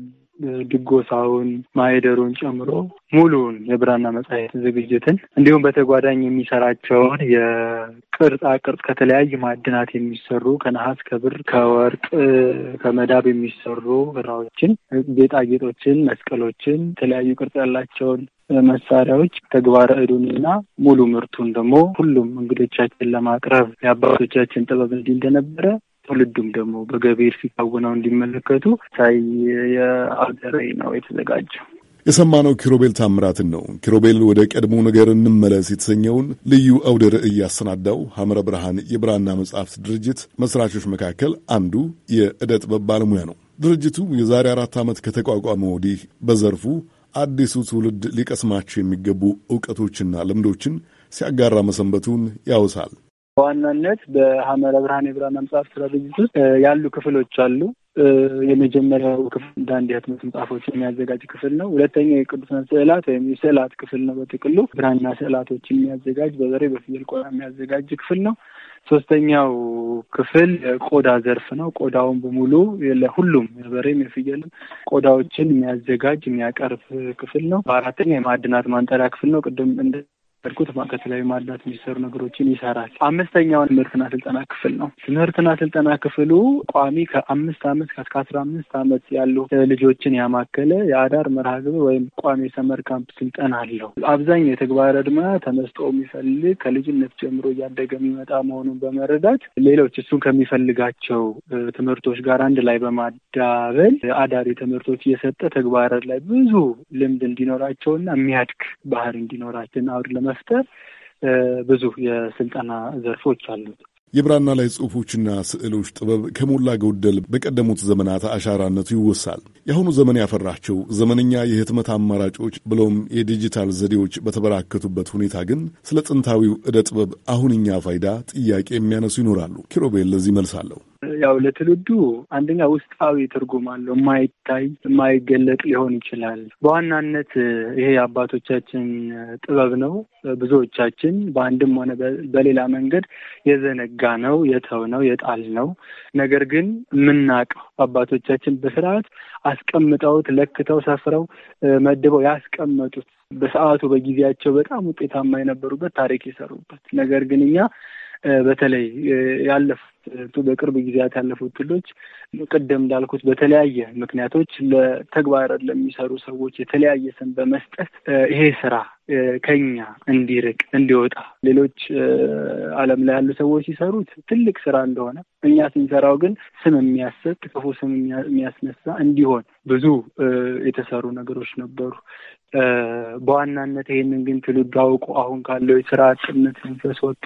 ድጎሳውን ማይደሩን ጨምሮ ሙሉውን የብራና መጽሔት ዝግጅትን እንዲሁም በተጓዳኝ የሚሰራቸውን የቅርጻ ቅርጽ ከተለያዩ ማዕድናት የሚሰሩ ከነሐስ፣ ከብር፣ ከወርቅ፣ ከመዳብ የሚሰሩ ብራዎችን፣ ጌጣጌጦችን፣ መስቀሎችን፣ የተለያዩ ቅርጽ ያላቸውን መሳሪያዎች ተግባረ ዕዱንና ሙሉ ምርቱን ደግሞ ሁሉም እንግዶቻችን ለማቅረብ የአባቶቻችን ጥበብ እንዲህ እንደነበረ ትውልዱም ደግሞ በገቢር ሲታወናው እንዲመለከቱ ሳይ የአገሬ ነው የተዘጋጀው። የሰማነው ኪሮቤል ታምራትን ነው። ኪሮቤል ወደ ቀድሞ ነገር እንመለስ የተሰኘውን ልዩ አውደ ርዕይ ያሰናዳው ሐምረ ብርሃን የብራና መጽሐፍት ድርጅት መስራቾች መካከል አንዱ የዕደ ጥበብ ባለሙያ ነው። ድርጅቱ የዛሬ አራት ዓመት ከተቋቋመ ወዲህ በዘርፉ አዲሱ ትውልድ ሊቀስማቸው የሚገቡ እውቀቶችና ልምዶችን ሲያጋራ መሰንበቱን ያውሳል። በዋናነት በሐመረ ብርሃን የብራና መጽሐፍት ስራ ድርጅት ውስጥ ያሉ ክፍሎች አሉ። የመጀመሪያው ክፍል አንድ የህትመት መጽሐፎችን የሚያዘጋጅ ክፍል ነው። ሁለተኛው የቅዱሳን ስዕላት ወይም የስዕላት ክፍል ነው። በጥቅሉ ብራና ስዕላቶችን የሚያዘጋጅ በበሬ በፍየል ቆዳ የሚያዘጋጅ ክፍል ነው። ሶስተኛው ክፍል የቆዳ ዘርፍ ነው። ቆዳውን በሙሉ ለሁሉም የበሬም የፍየል ቆዳዎችን የሚያዘጋጅ የሚያቀርብ ክፍል ነው። በአራተኛ የማዕድናት ማንጠሪያ ክፍል ነው። ቅድም ያልኩት ከተለያዩ ማዕድናት የሚሰሩ ነገሮችን ይሰራል። አምስተኛው ትምህርትና ስልጠና ክፍል ነው። ትምህርትና ስልጠና ክፍሉ ቋሚ ከአምስት አመት ከእስከ አስራ አምስት አመት ያሉ ልጆችን ያማከለ የአዳር መርሃ ግብር ወይም ቋሚ ሰመር ካምፕ ስልጠና አለው። አብዛኛው የተግባረ ዕድሜ ተመስጦ የሚፈልግ ከልጅነት ጀምሮ እያደገ የሚመጣ መሆኑን በመረዳት ሌሎች እሱን ከሚፈልጋቸው ትምህርቶች ጋር አንድ ላይ በማዳበል አዳሪ ትምህርቶች እየሰጠ ተግባረ ላይ ብዙ ልምድ እንዲኖራቸውና የሚያድግ ባህር እንዲኖራቸው አውድ ለመ መፍጠር ብዙ የስልጠና ዘርፎች አሉት። የብራና ላይ ጽሁፎችና ስዕሎች ጥበብ ከሞላ ጎደል በቀደሙት ዘመናት አሻራነቱ ይወሳል። የአሁኑ ዘመን ያፈራቸው ዘመነኛ የህትመት አማራጮች ብሎም የዲጂታል ዘዴዎች በተበራከቱበት ሁኔታ ግን ስለ ጥንታዊው ዕደ ጥበብ አሁንኛ ፋይዳ ጥያቄ የሚያነሱ ይኖራሉ። ኪሮቤል ለዚህ መልሳለሁ። ያው ለትውልዱ አንደኛ ውስጣዊ ትርጉም አለው። የማይታይ የማይገለጥ ሊሆን ይችላል። በዋናነት ይሄ የአባቶቻችን ጥበብ ነው። ብዙዎቻችን በአንድም ሆነ በሌላ መንገድ የዘነጋ ነው፣ የተው ነው፣ የጣል ነው። ነገር ግን የምናውቀው አባቶቻችን በስርዓት አስቀምጠውት ለክተው ሰፍረው መድበው ያስቀመጡት በሰዓቱ በጊዜያቸው በጣም ውጤታማ የነበሩበት ታሪክ የሰሩበት ነገር ግን እኛ በተለይ ያለፉት በቅርብ ጊዜያት ያለፉት ትሎች ቅድም እንዳልኩት በተለያየ ምክንያቶች ለተግባር ለሚሰሩ ሰዎች የተለያየ ስም በመስጠት ይሄ ስራ ከኛ እንዲርቅ እንዲወጣ ሌሎች ዓለም ላይ ያሉ ሰዎች ሲሰሩት ትልቅ ስራ እንደሆነ እኛ ስንሰራው ግን ስም የሚያሰጥ ክፉ ስም የሚያስነሳ እንዲሆን ብዙ የተሰሩ ነገሮች ነበሩ። በዋናነት ይሄንን ግን ትውልዱ አውቁ አሁን ካለው የስራ አጥነት መንፈስ ወጥቶ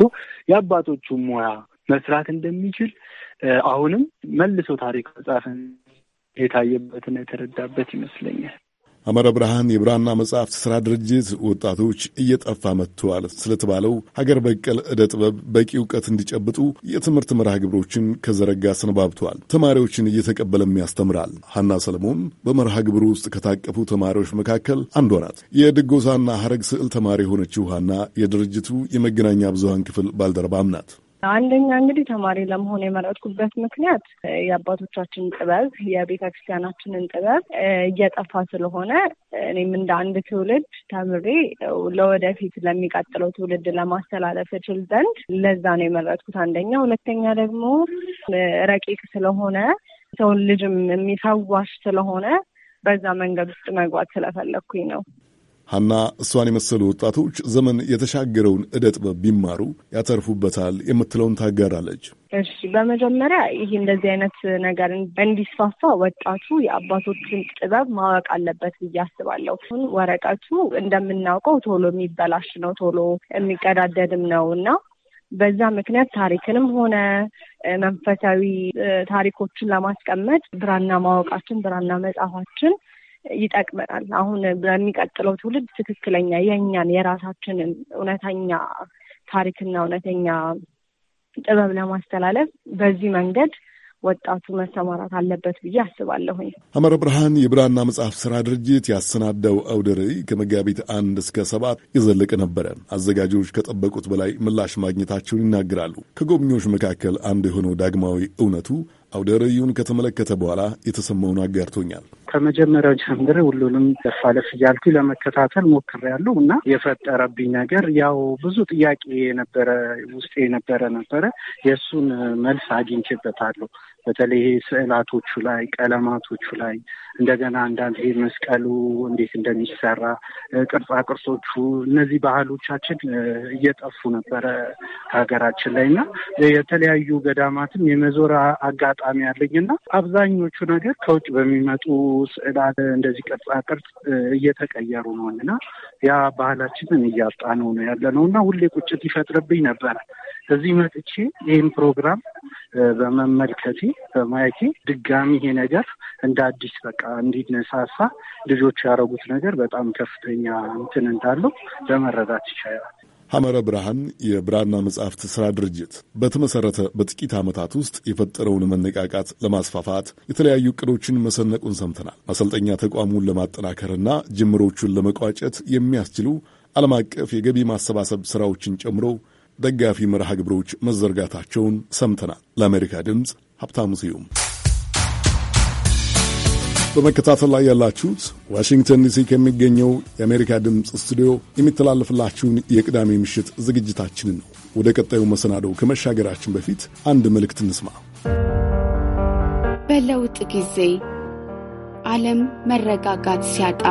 የአባቶቹ ሙያ መስራት እንደሚችል አሁንም መልሶ ታሪክ መጻፍን የታየበትና የተረዳበት ይመስለኛል። አመረ ብርሃን የብራና መጽሐፍት ሥራ ድርጅት ወጣቶች እየጠፋ መጥተዋል ስለተባለው ሀገር በቀል ዕደ ጥበብ በቂ እውቀት እንዲጨብጡ የትምህርት መርሃ ግብሮችን ከዘረጋ ሰነባብተዋል። ተማሪዎችን እየተቀበለም ያስተምራል። ሐና ሰለሞን በመርሃ ግብሩ ውስጥ ከታቀፉ ተማሪዎች መካከል አንዷ ናት። የድጎሳና ሐረግ ስዕል ተማሪ የሆነችው ሐና የድርጅቱ የመገናኛ ብዙሃን ክፍል ባልደረባም ናት። አንደኛ እንግዲህ ተማሪ ለመሆን የመረጥኩበት ምክንያት የአባቶቻችን ጥበብ የቤተ ክርስቲያናችንን ጥበብ እየጠፋ ስለሆነ እኔም እንደ አንድ ትውልድ ተምሬ ለወደፊት ለሚቀጥለው ትውልድ ለማስተላለፍ እችል ዘንድ ለዛ ነው የመረጥኩት አንደኛ። ሁለተኛ ደግሞ ረቂቅ ስለሆነ ሰውን ልጅም የሚፈዋሽ ስለሆነ በዛ መንገድ ውስጥ መግባት ስለፈለግኩኝ ነው። ሀና እሷን የመሰሉ ወጣቶች ዘመን የተሻገረውን እደ ጥበብ ቢማሩ ያተርፉበታል የምትለውን ታጋራለች። እሺ በመጀመሪያ ይህ እንደዚህ አይነት ነገር እንዲስፋፋ ወጣቱ የአባቶችን ጥበብ ማወቅ አለበት ብዬ አስባለሁ። ወረቀቱ እንደምናውቀው ቶሎ የሚበላሽ ነው፣ ቶሎ የሚቀዳደድም ነው እና በዛ ምክንያት ታሪክንም ሆነ መንፈሳዊ ታሪኮችን ለማስቀመጥ ብራና ማወቃችን ብራና መጻፋችን ይጠቅመናል። አሁን በሚቀጥለው ትውልድ ትክክለኛ የእኛን የራሳችንን እውነተኛ ታሪክና እውነተኛ ጥበብ ለማስተላለፍ በዚህ መንገድ ወጣቱ መሰማራት አለበት ብዬ አስባለሁኝ። ሐመረ ብርሃን የብራና መጽሐፍ ስራ ድርጅት ያሰናዳው አውደ ርዕይ ከመጋቢት አንድ እስከ ሰባት የዘለቀ ነበረ። አዘጋጆች ከጠበቁት በላይ ምላሽ ማግኘታቸውን ይናገራሉ። ከጎብኚዎች መካከል አንዱ የሆነው ዳግማዊ እውነቱ አውደ ርዕዩን ከተመለከተ በኋላ የተሰማውን አጋርቶኛል። ከመጀመሪያው ጀምሬ ሁሉንም ለፋለፍ እያልኩ ለመከታተል ሞክሬያለሁ እና የፈጠረብኝ ነገር ያው ብዙ ጥያቄ የነበረ ውስጤ የነበረ ነበረ የእሱን መልስ አግኝቼበታለሁ። በተለይ ስዕላቶቹ ላይ ቀለማቶቹ ላይ እንደገና አንዳንድ መስቀሉ እንዴት እንደሚሰራ ቅርጻ ቅርሶቹ እነዚህ ባህሎቻችን እየጠፉ ነበረ ሀገራችን ላይ እና የተለያዩ ገዳማትም የመዞር አጋጣሚ ያለኝ እና አብዛኞቹ ነገር ከውጭ በሚመጡ ስዕላት እንደዚህ ቅርጻ ቅርጽ እየተቀየሩ ነው እና ያ ባህላችንን እያጣ ነው ነው ያለ ነው እና ሁሌ ቁጭት ይፈጥርብኝ ነበረ። እዚህ መጥቼ ይህን ፕሮግራም በመመልከቴ በማየቴ ድጋሚ ይሄ ነገር እንደ አዲስ በቃ እንዲነሳሳ ልጆቹ ያደረጉት ነገር በጣም ከፍተኛ እንትን እንዳለው ለመረዳት ይቻላል። ሐመረ ብርሃን የብራና መጽሐፍት ሥራ ድርጅት በተመሠረተ በጥቂት ዓመታት ውስጥ የፈጠረውን መነቃቃት ለማስፋፋት የተለያዩ እቅዶችን መሰነቁን ሰምተናል። ማሰልጠኛ ተቋሙን ለማጠናከርና ጅምሮቹን ለመቋጨት የሚያስችሉ ዓለም አቀፍ የገቢ ማሰባሰብ ሥራዎችን ጨምሮ ደጋፊ መርሃ ግብሮች መዘርጋታቸውን ሰምተናል። ለአሜሪካ ድምፅ ሀብታሙ ስዩም። በመከታተል ላይ ያላችሁት ዋሽንግተን ዲሲ ከሚገኘው የአሜሪካ ድምፅ ስቱዲዮ የሚተላለፍላችሁን የቅዳሜ ምሽት ዝግጅታችንን ነው። ወደ ቀጣዩ መሰናዶ ከመሻገራችን በፊት አንድ መልእክት እንስማ። በለውጥ ጊዜ ዓለም መረጋጋት ሲያጣ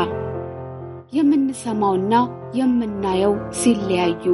የምንሰማውና የምናየው ሲለያዩ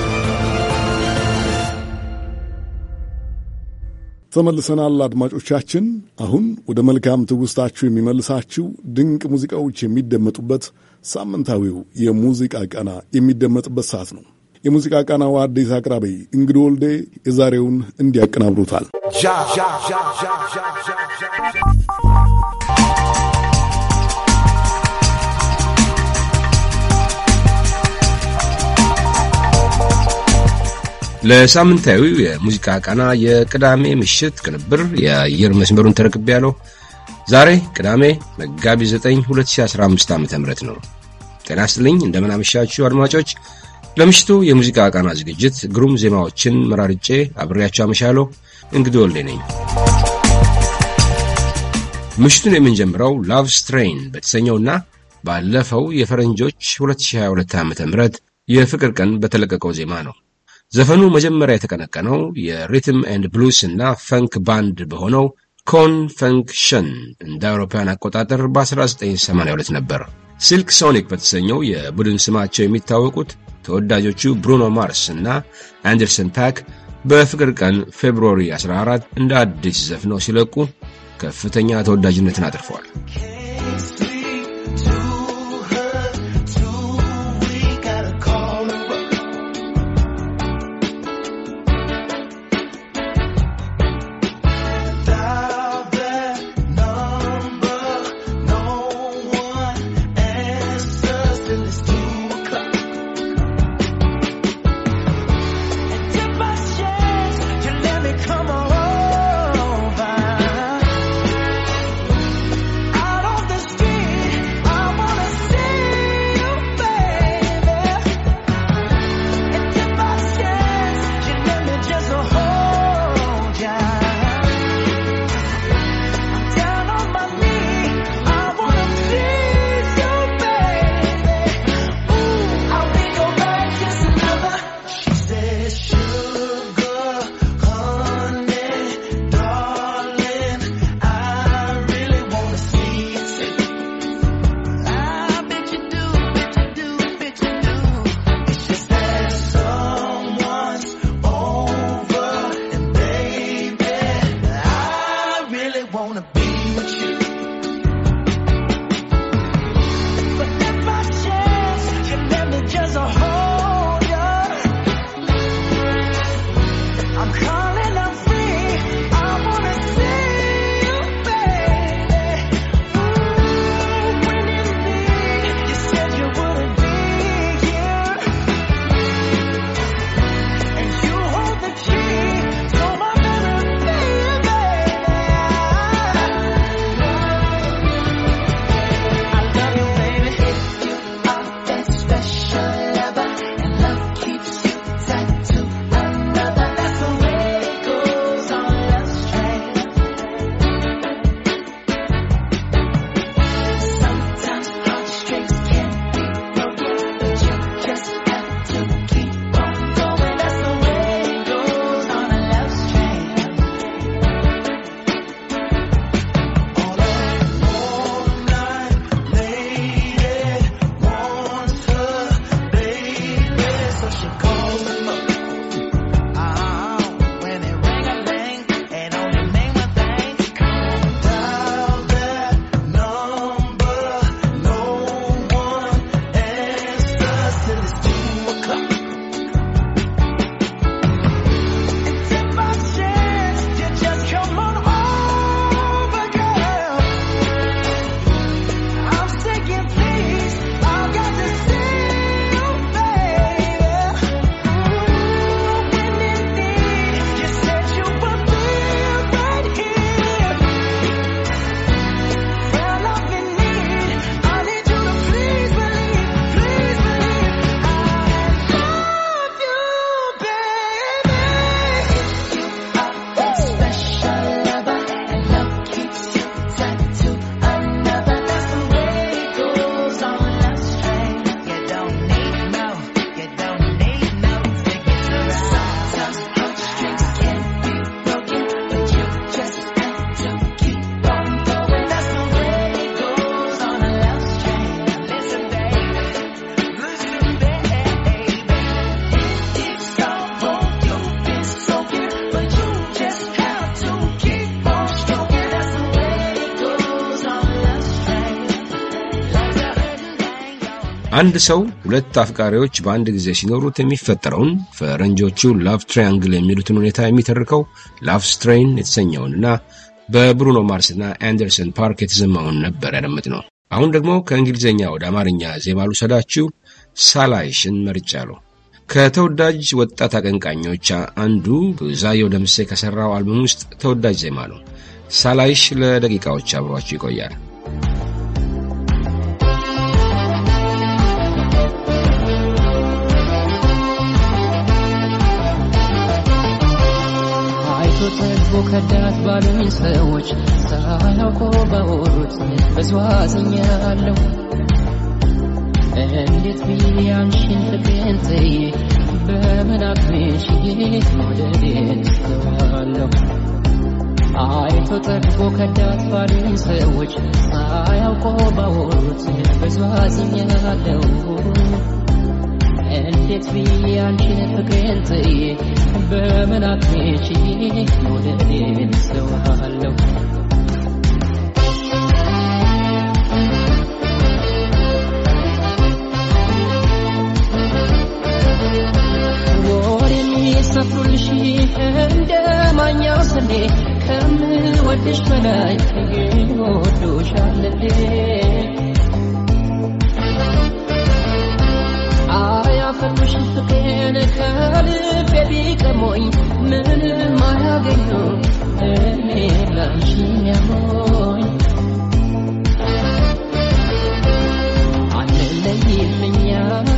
ተመልሰናል አድማጮቻችን። አሁን ወደ መልካም ትውስታችሁ የሚመልሳችሁ ድንቅ ሙዚቃዎች የሚደመጡበት ሳምንታዊው የሙዚቃ ቃና የሚደመጥበት ሰዓት ነው። የሙዚቃ ቀናው አዲስ አቅራቢ እንግዲህ ወልዴ የዛሬውን እንዲያቀናብሩታል። ለሳምንታዊው የሙዚቃ ቃና የቅዳሜ ምሽት ቅንብር የአየር መስመሩን ተረክቤ ያለው ዛሬ ቅዳሜ መጋቢ 9 2015 ዓ ም ነው። ጤና ይስጥልኝ፣ እንደምን አመሻችሁ አድማጮች። ለምሽቱ የሙዚቃ ቃና ዝግጅት ግሩም ዜማዎችን መራርጬ አብሬያቸው አመሻለሁ። እንግዲህ ወልዴ ነኝ። ምሽቱን የምንጀምረው ላቭ ስትሬን በተሰኘውና ባለፈው የፈረንጆች 2022 ዓ ም የፍቅር ቀን በተለቀቀው ዜማ ነው። ዘፈኑ መጀመሪያ የተቀነቀነው የሪትም ኤንድ ብሉስ እና ፈንክ ባንድ በሆነው ኮን ፈንክሽን እንደ አውሮፓውያን አቆጣጠር በ1982 ነበር። ሲልክ ሶኒክ በተሰኘው የቡድን ስማቸው የሚታወቁት ተወዳጆቹ ብሩኖ ማርስ እና አንደርሰን ፓክ በፍቅር ቀን ፌብሩዋሪ 14 እንደ አዲስ ዘፍነው ሲለቁ ከፍተኛ ተወዳጅነትን አትርፈዋል። አንድ ሰው ሁለት አፍቃሪዎች በአንድ ጊዜ ሲኖሩት የሚፈጠረውን ፈረንጆቹ ላቭ ትራያንግል የሚሉትን ሁኔታ የሚተርከው ላቭ ስትሬን የተሰኘውንና በብሩኖ ማርስና አንደርሰን ፓርክ የተዘማውን ነበር ነው። አሁን ደግሞ ከእንግሊዝኛ ወደ አማርኛ ዜማ ልውሰዳችሁ። ሳላይሽን መርጫለሁ። ከተወዳጅ ወጣት አቀንቃኞች አንዱ ብዛየው ደምሴ ከሠራው አልበም ውስጥ ተወዳጅ ዜማ ነው። ሳላይሽ ለደቂቃዎች አብሯችሁ ይቆያል። ተልፎ ከዳት ባሉኝ ሰዎች ሳላውቆ ባወሩት ብዙ እንዴት ብዬ አንቺን ፍቅሬን ጥዬ በመናፍሽ ጌት መውደዴን ስተዋለሁ። አይቶ ጠልፎ ከዳት ባሉኝ ሰዎች ሳያውቆ ባወሩት ብዙ እንዴት ብዬ አንቺን ፍቅሬን ጥዬ በምን አቅሜች ወደዴን ሰውሃለሁ ወሬን ሰፍሩልሽ እንደ ማኛው ስኔ ከምወድሽ በላይ ወዶሻል ልቤን ከልቤ ቢቀሞኝ ምንም አያገኙ እድሜ ላንቺ የሚያሞኝ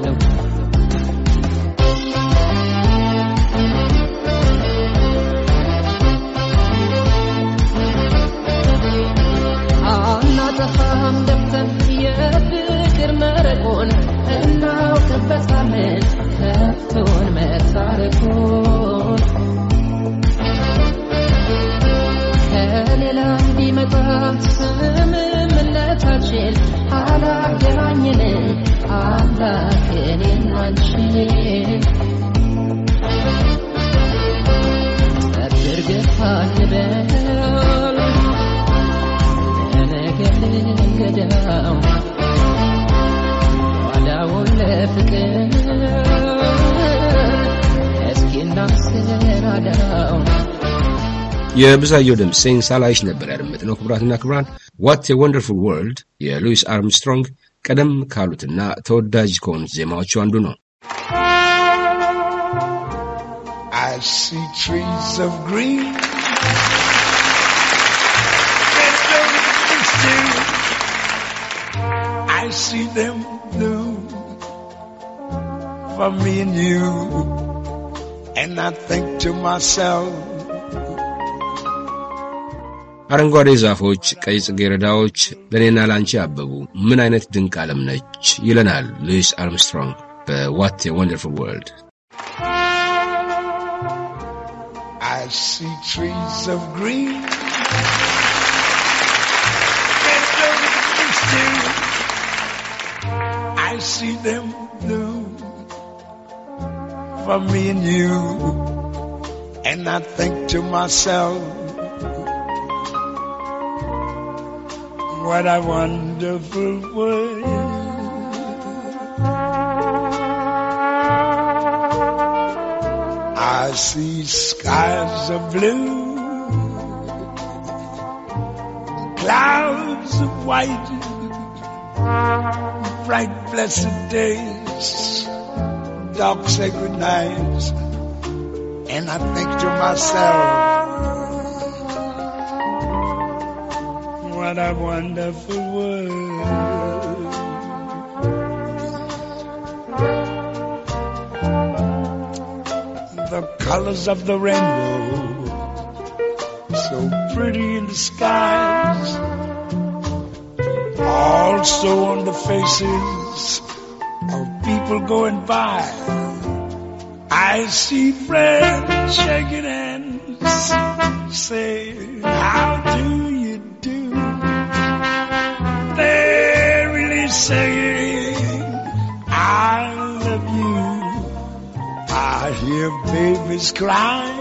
የብዛየው ደምሴን ሳላይሽ ነበር ያደመጥነው። ክቡራትና ክቡራን ዋት ኤ ወንደርፉል ወርልድ የሉዊስ አርምስትሮንግ ቀደም ካሉትና ተወዳጅ ከሆኑት ዜማዎቹ አንዱ ነው። I see them blue for me and you. And I think to myself አረንጓዴ ዛፎች፣ ቀይ ጽጌረዳዎች ለእኔና ላንቺ አበቡ። ምን አይነት ድንቅ ዓለም ነች! ይለናል ሉዊስ አርምስትሮንግ በዋት ኤ ወንደርፉል ወርልድ። I see trees of green that don't exist. I see them blue for me and you. And I think to myself, what a wonderful world. I see skies of blue, clouds of white, bright blessed days dog say goodnight. And I think to myself, what a wonderful world. The colors of the rainbow, so pretty in the skies, also on the faces of people going by. I see friends shaking hands, saying, how do you do? They're really saying, I love you. I hear babies crying.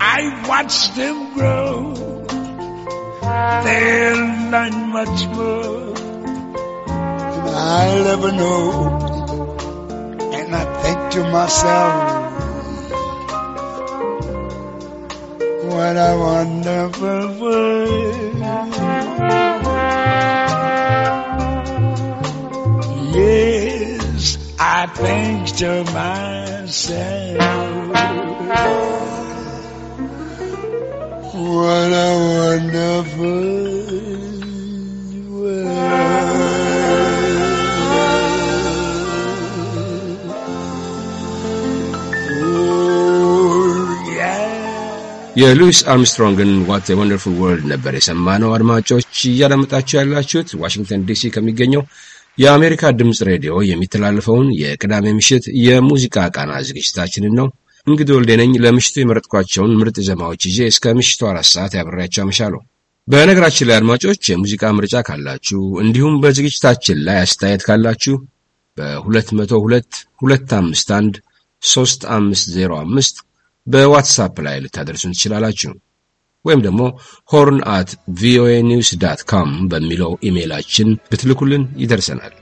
I watch them grow. They'll learn much more I'll ever know. And I think to myself, what a wonderful world. Yes, I think to myself, what a wonderful world. የሉዊስ አርምስትሮንግን ዋት ወንደርፉል ወርልድ ነበር የሰማነው። አድማጮች እያዳመጣችሁ ያላችሁት ዋሽንግተን ዲሲ ከሚገኘው የአሜሪካ ድምፅ ሬዲዮ የሚተላለፈውን የቅዳሜ ምሽት የሙዚቃ ቃና ዝግጅታችንን ነው። እንግዲህ ወልዴ ነኝ። ለምሽቱ የመረጥኳቸውን ምርጥ ዜማዎች ይዤ እስከ ምሽቱ አራት ሰዓት ያብሬያቸው አመሻለሁ። በነገራችን ላይ አድማጮች የሙዚቃ ምርጫ ካላችሁ እንዲሁም በዝግጅታችን ላይ አስተያየት ካላችሁ በ202 251 3505 በዋትሳፕ ላይ ልታደርሱን ትችላላችሁ። ወይም ደግሞ ሆርን አት ቪኦኤ ኒውስ ዳት ካም በሚለው ኢሜይላችን ብትልኩልን ይደርሰናል።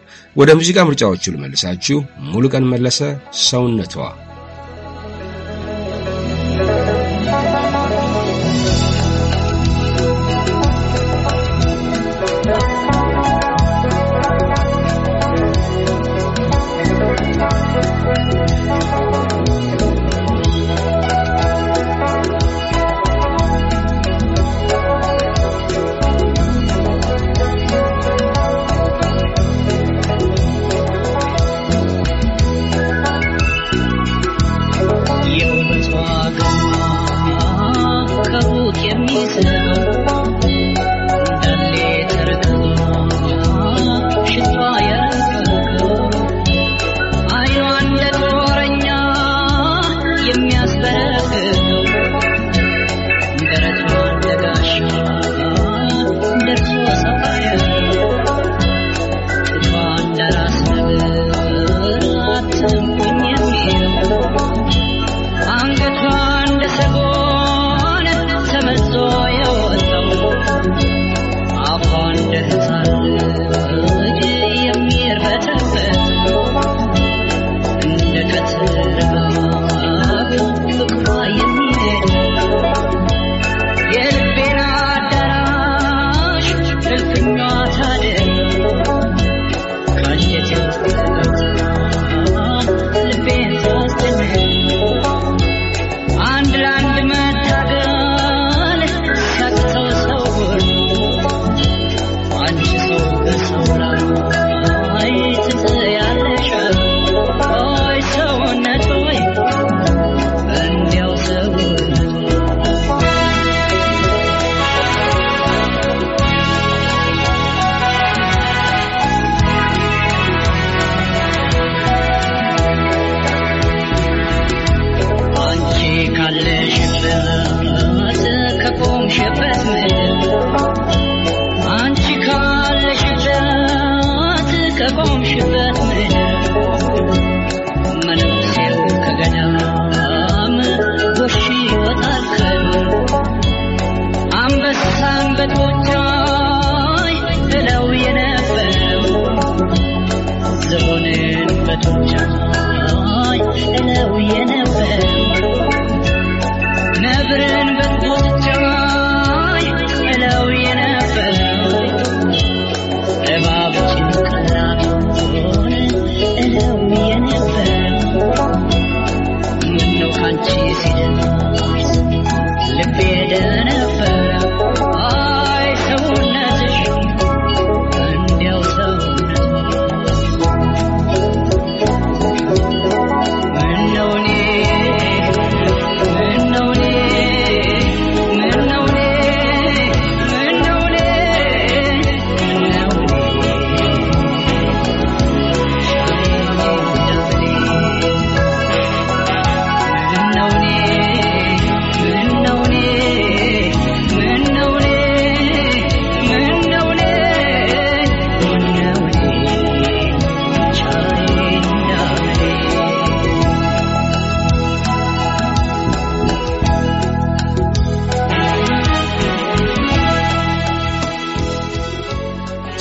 ወደ ሙዚቃ ምርጫዎቹ ልመልሳችሁ። ሙሉ ቀን መለሰ ሰውነቷ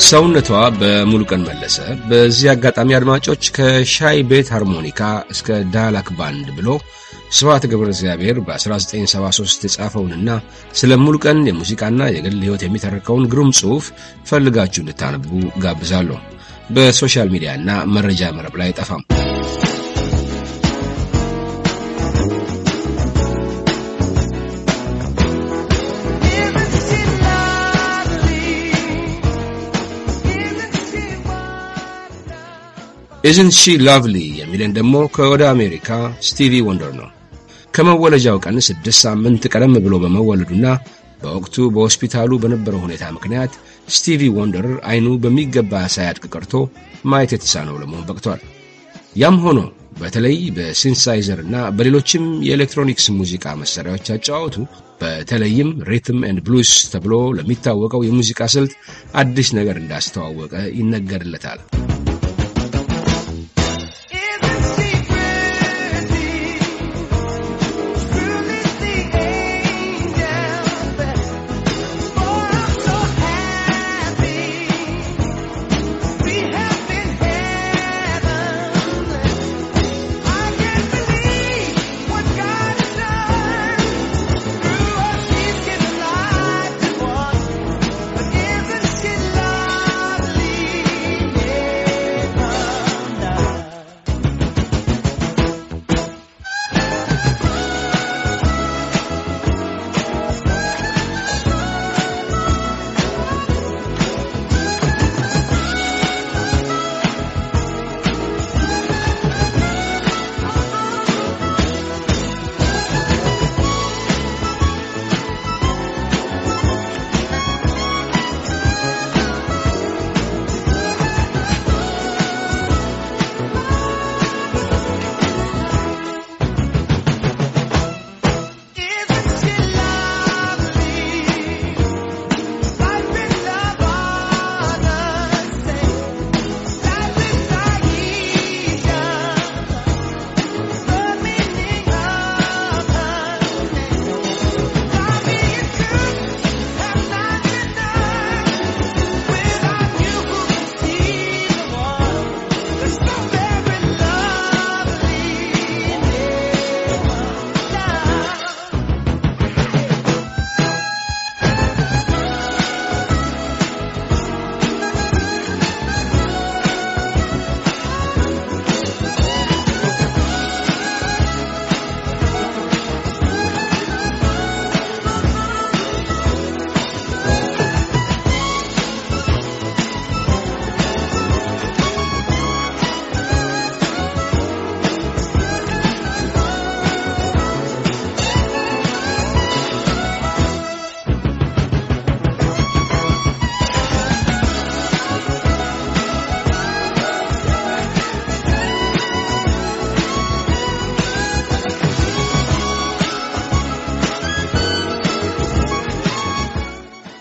ሰውነቷ በሙሉ ቀን መለሰ በዚህ አጋጣሚ አድማጮች ከሻይ ቤት ሃርሞኒካ እስከ ዳላክ ባንድ ብሎ ስብሐት ገብረ እግዚአብሔር በ1973 የጻፈውንና ስለ ሙሉ ቀን የሙዚቃና የግል ሕይወት የሚተርከውን ግሩም ጽሑፍ ፈልጋችሁ እንድታነቡ ጋብዛለሁ። በሶሻል ሚዲያና መረጃ መረብ ላይ አይጠፋም። ኢዝን ሺ ላቭሊ የሚለን ደግሞ ከወደ አሜሪካ ስቲቪ ወንደር ነው። ከመወለጃው ቀን ስድስት ሳምንት ቀደም ብሎ በመወለዱና በወቅቱ በሆስፒታሉ በነበረው ሁኔታ ምክንያት ስቲቪ ወንደር አይኑ በሚገባ ሳያድቅ ቀርቶ ማየት የተሳነው ለመሆን በቅቷል። ያም ሆኖ በተለይ በሲንሳይዘር እና በሌሎችም የኤሌክትሮኒክስ ሙዚቃ መሳሪያዎች አጫወቱ በተለይም ሪትም ኤንድ ብሉስ ተብሎ ለሚታወቀው የሙዚቃ ስልት አዲስ ነገር እንዳስተዋወቀ ይነገርለታል።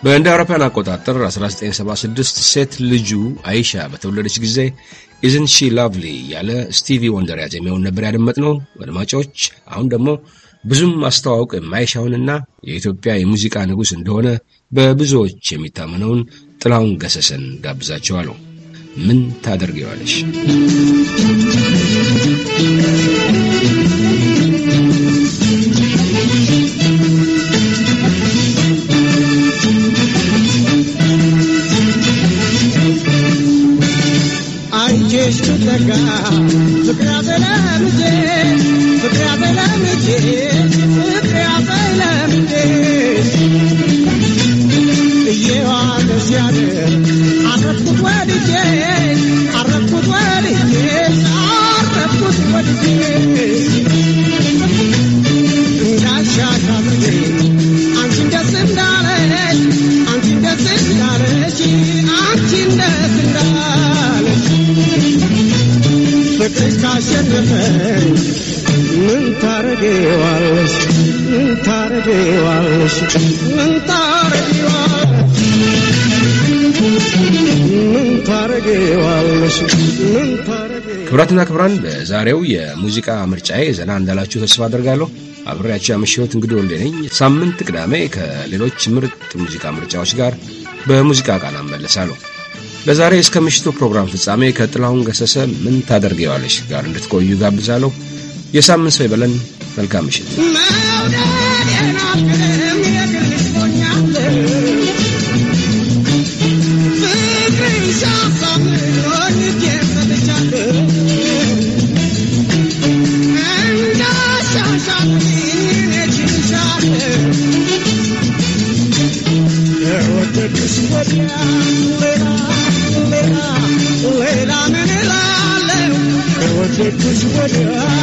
በእንደ አውሮፓን አቆጣጠር 1976 ሴት ልጁ አይሻ በተወለደች ጊዜ ኢዝን ሺ ላቭሊ ያለ ስቲቪ ወንደር ያዜመውን ነበር ያደመጥነው። አድማጮች፣ አሁን ደግሞ ብዙም ማስተዋወቅ የማይሻውንና የኢትዮጵያ የሙዚቃ ንጉሥ እንደሆነ በብዙዎች የሚታመነውን ጥላሁን ገሰሰን ጋብዛቸዋለሁ። ምን ታደርገዋለሽ? ክቡራን በዛሬው የሙዚቃ ምርጫዬ ዘና እንዳላችሁ ተስፋ አደርጋለሁ። አብሬያችሁ ያመሸሁት እንግዲህ ወልዴ ነኝ። ሳምንት ቅዳሜ ከሌሎች ምርጥ ሙዚቃ ምርጫዎች ጋር በሙዚቃ ቃና እመለሳለሁ። ለዛሬ እስከ ምሽቱ ፕሮግራም ፍጻሜ ከጥላሁን ገሰሰ ምን ታደርገዋለሽ ጋር እንድትቆዩ ጋብዛለሁ። የሳምንት ሰው ይበለን። መልካም ምሽት። is what I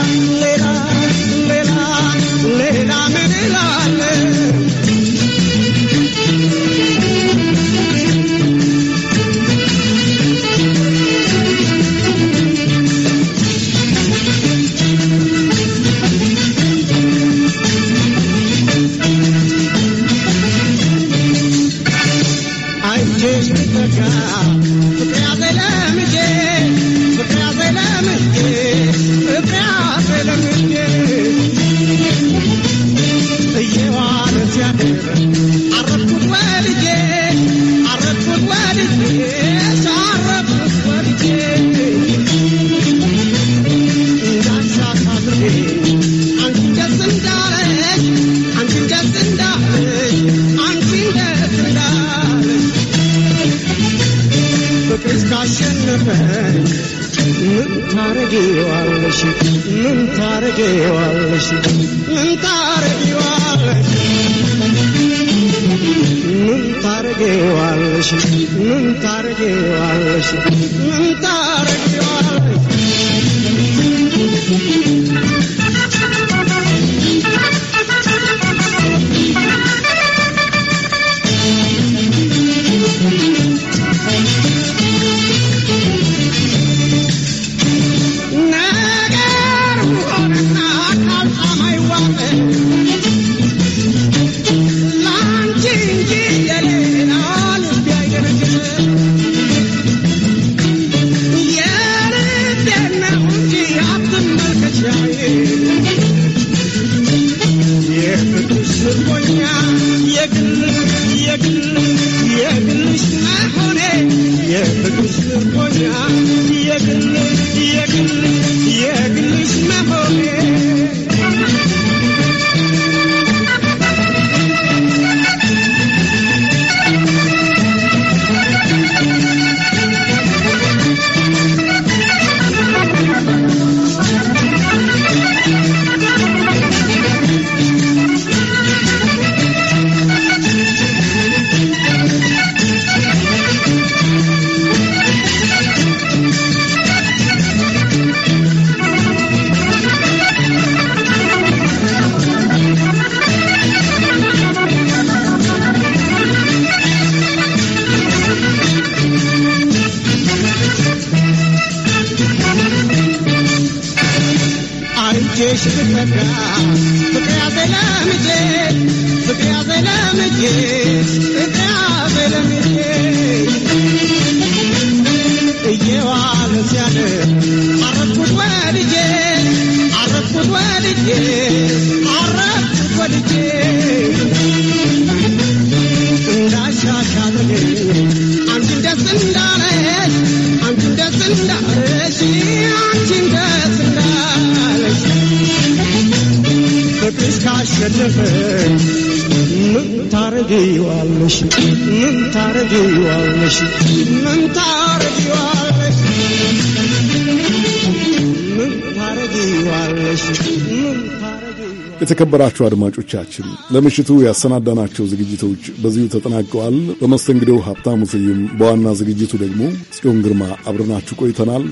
የተከበራችሁ አድማጮቻችን ለምሽቱ ያሰናዳናቸው ዝግጅቶች በዚሁ ተጠናቀዋል። በመስተንግዶው ሀብታሙ ስዩም፣ በዋና ዝግጅቱ ደግሞ ጽዮን ግርማ አብረናችሁ ቆይተናል።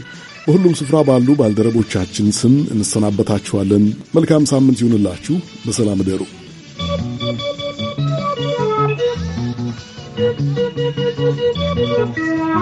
በሁሉም ስፍራ ባሉ ባልደረቦቻችን ስም እንሰናበታችኋለን። መልካም ሳምንት ይሁንላችሁ። በሰላም እደሩ።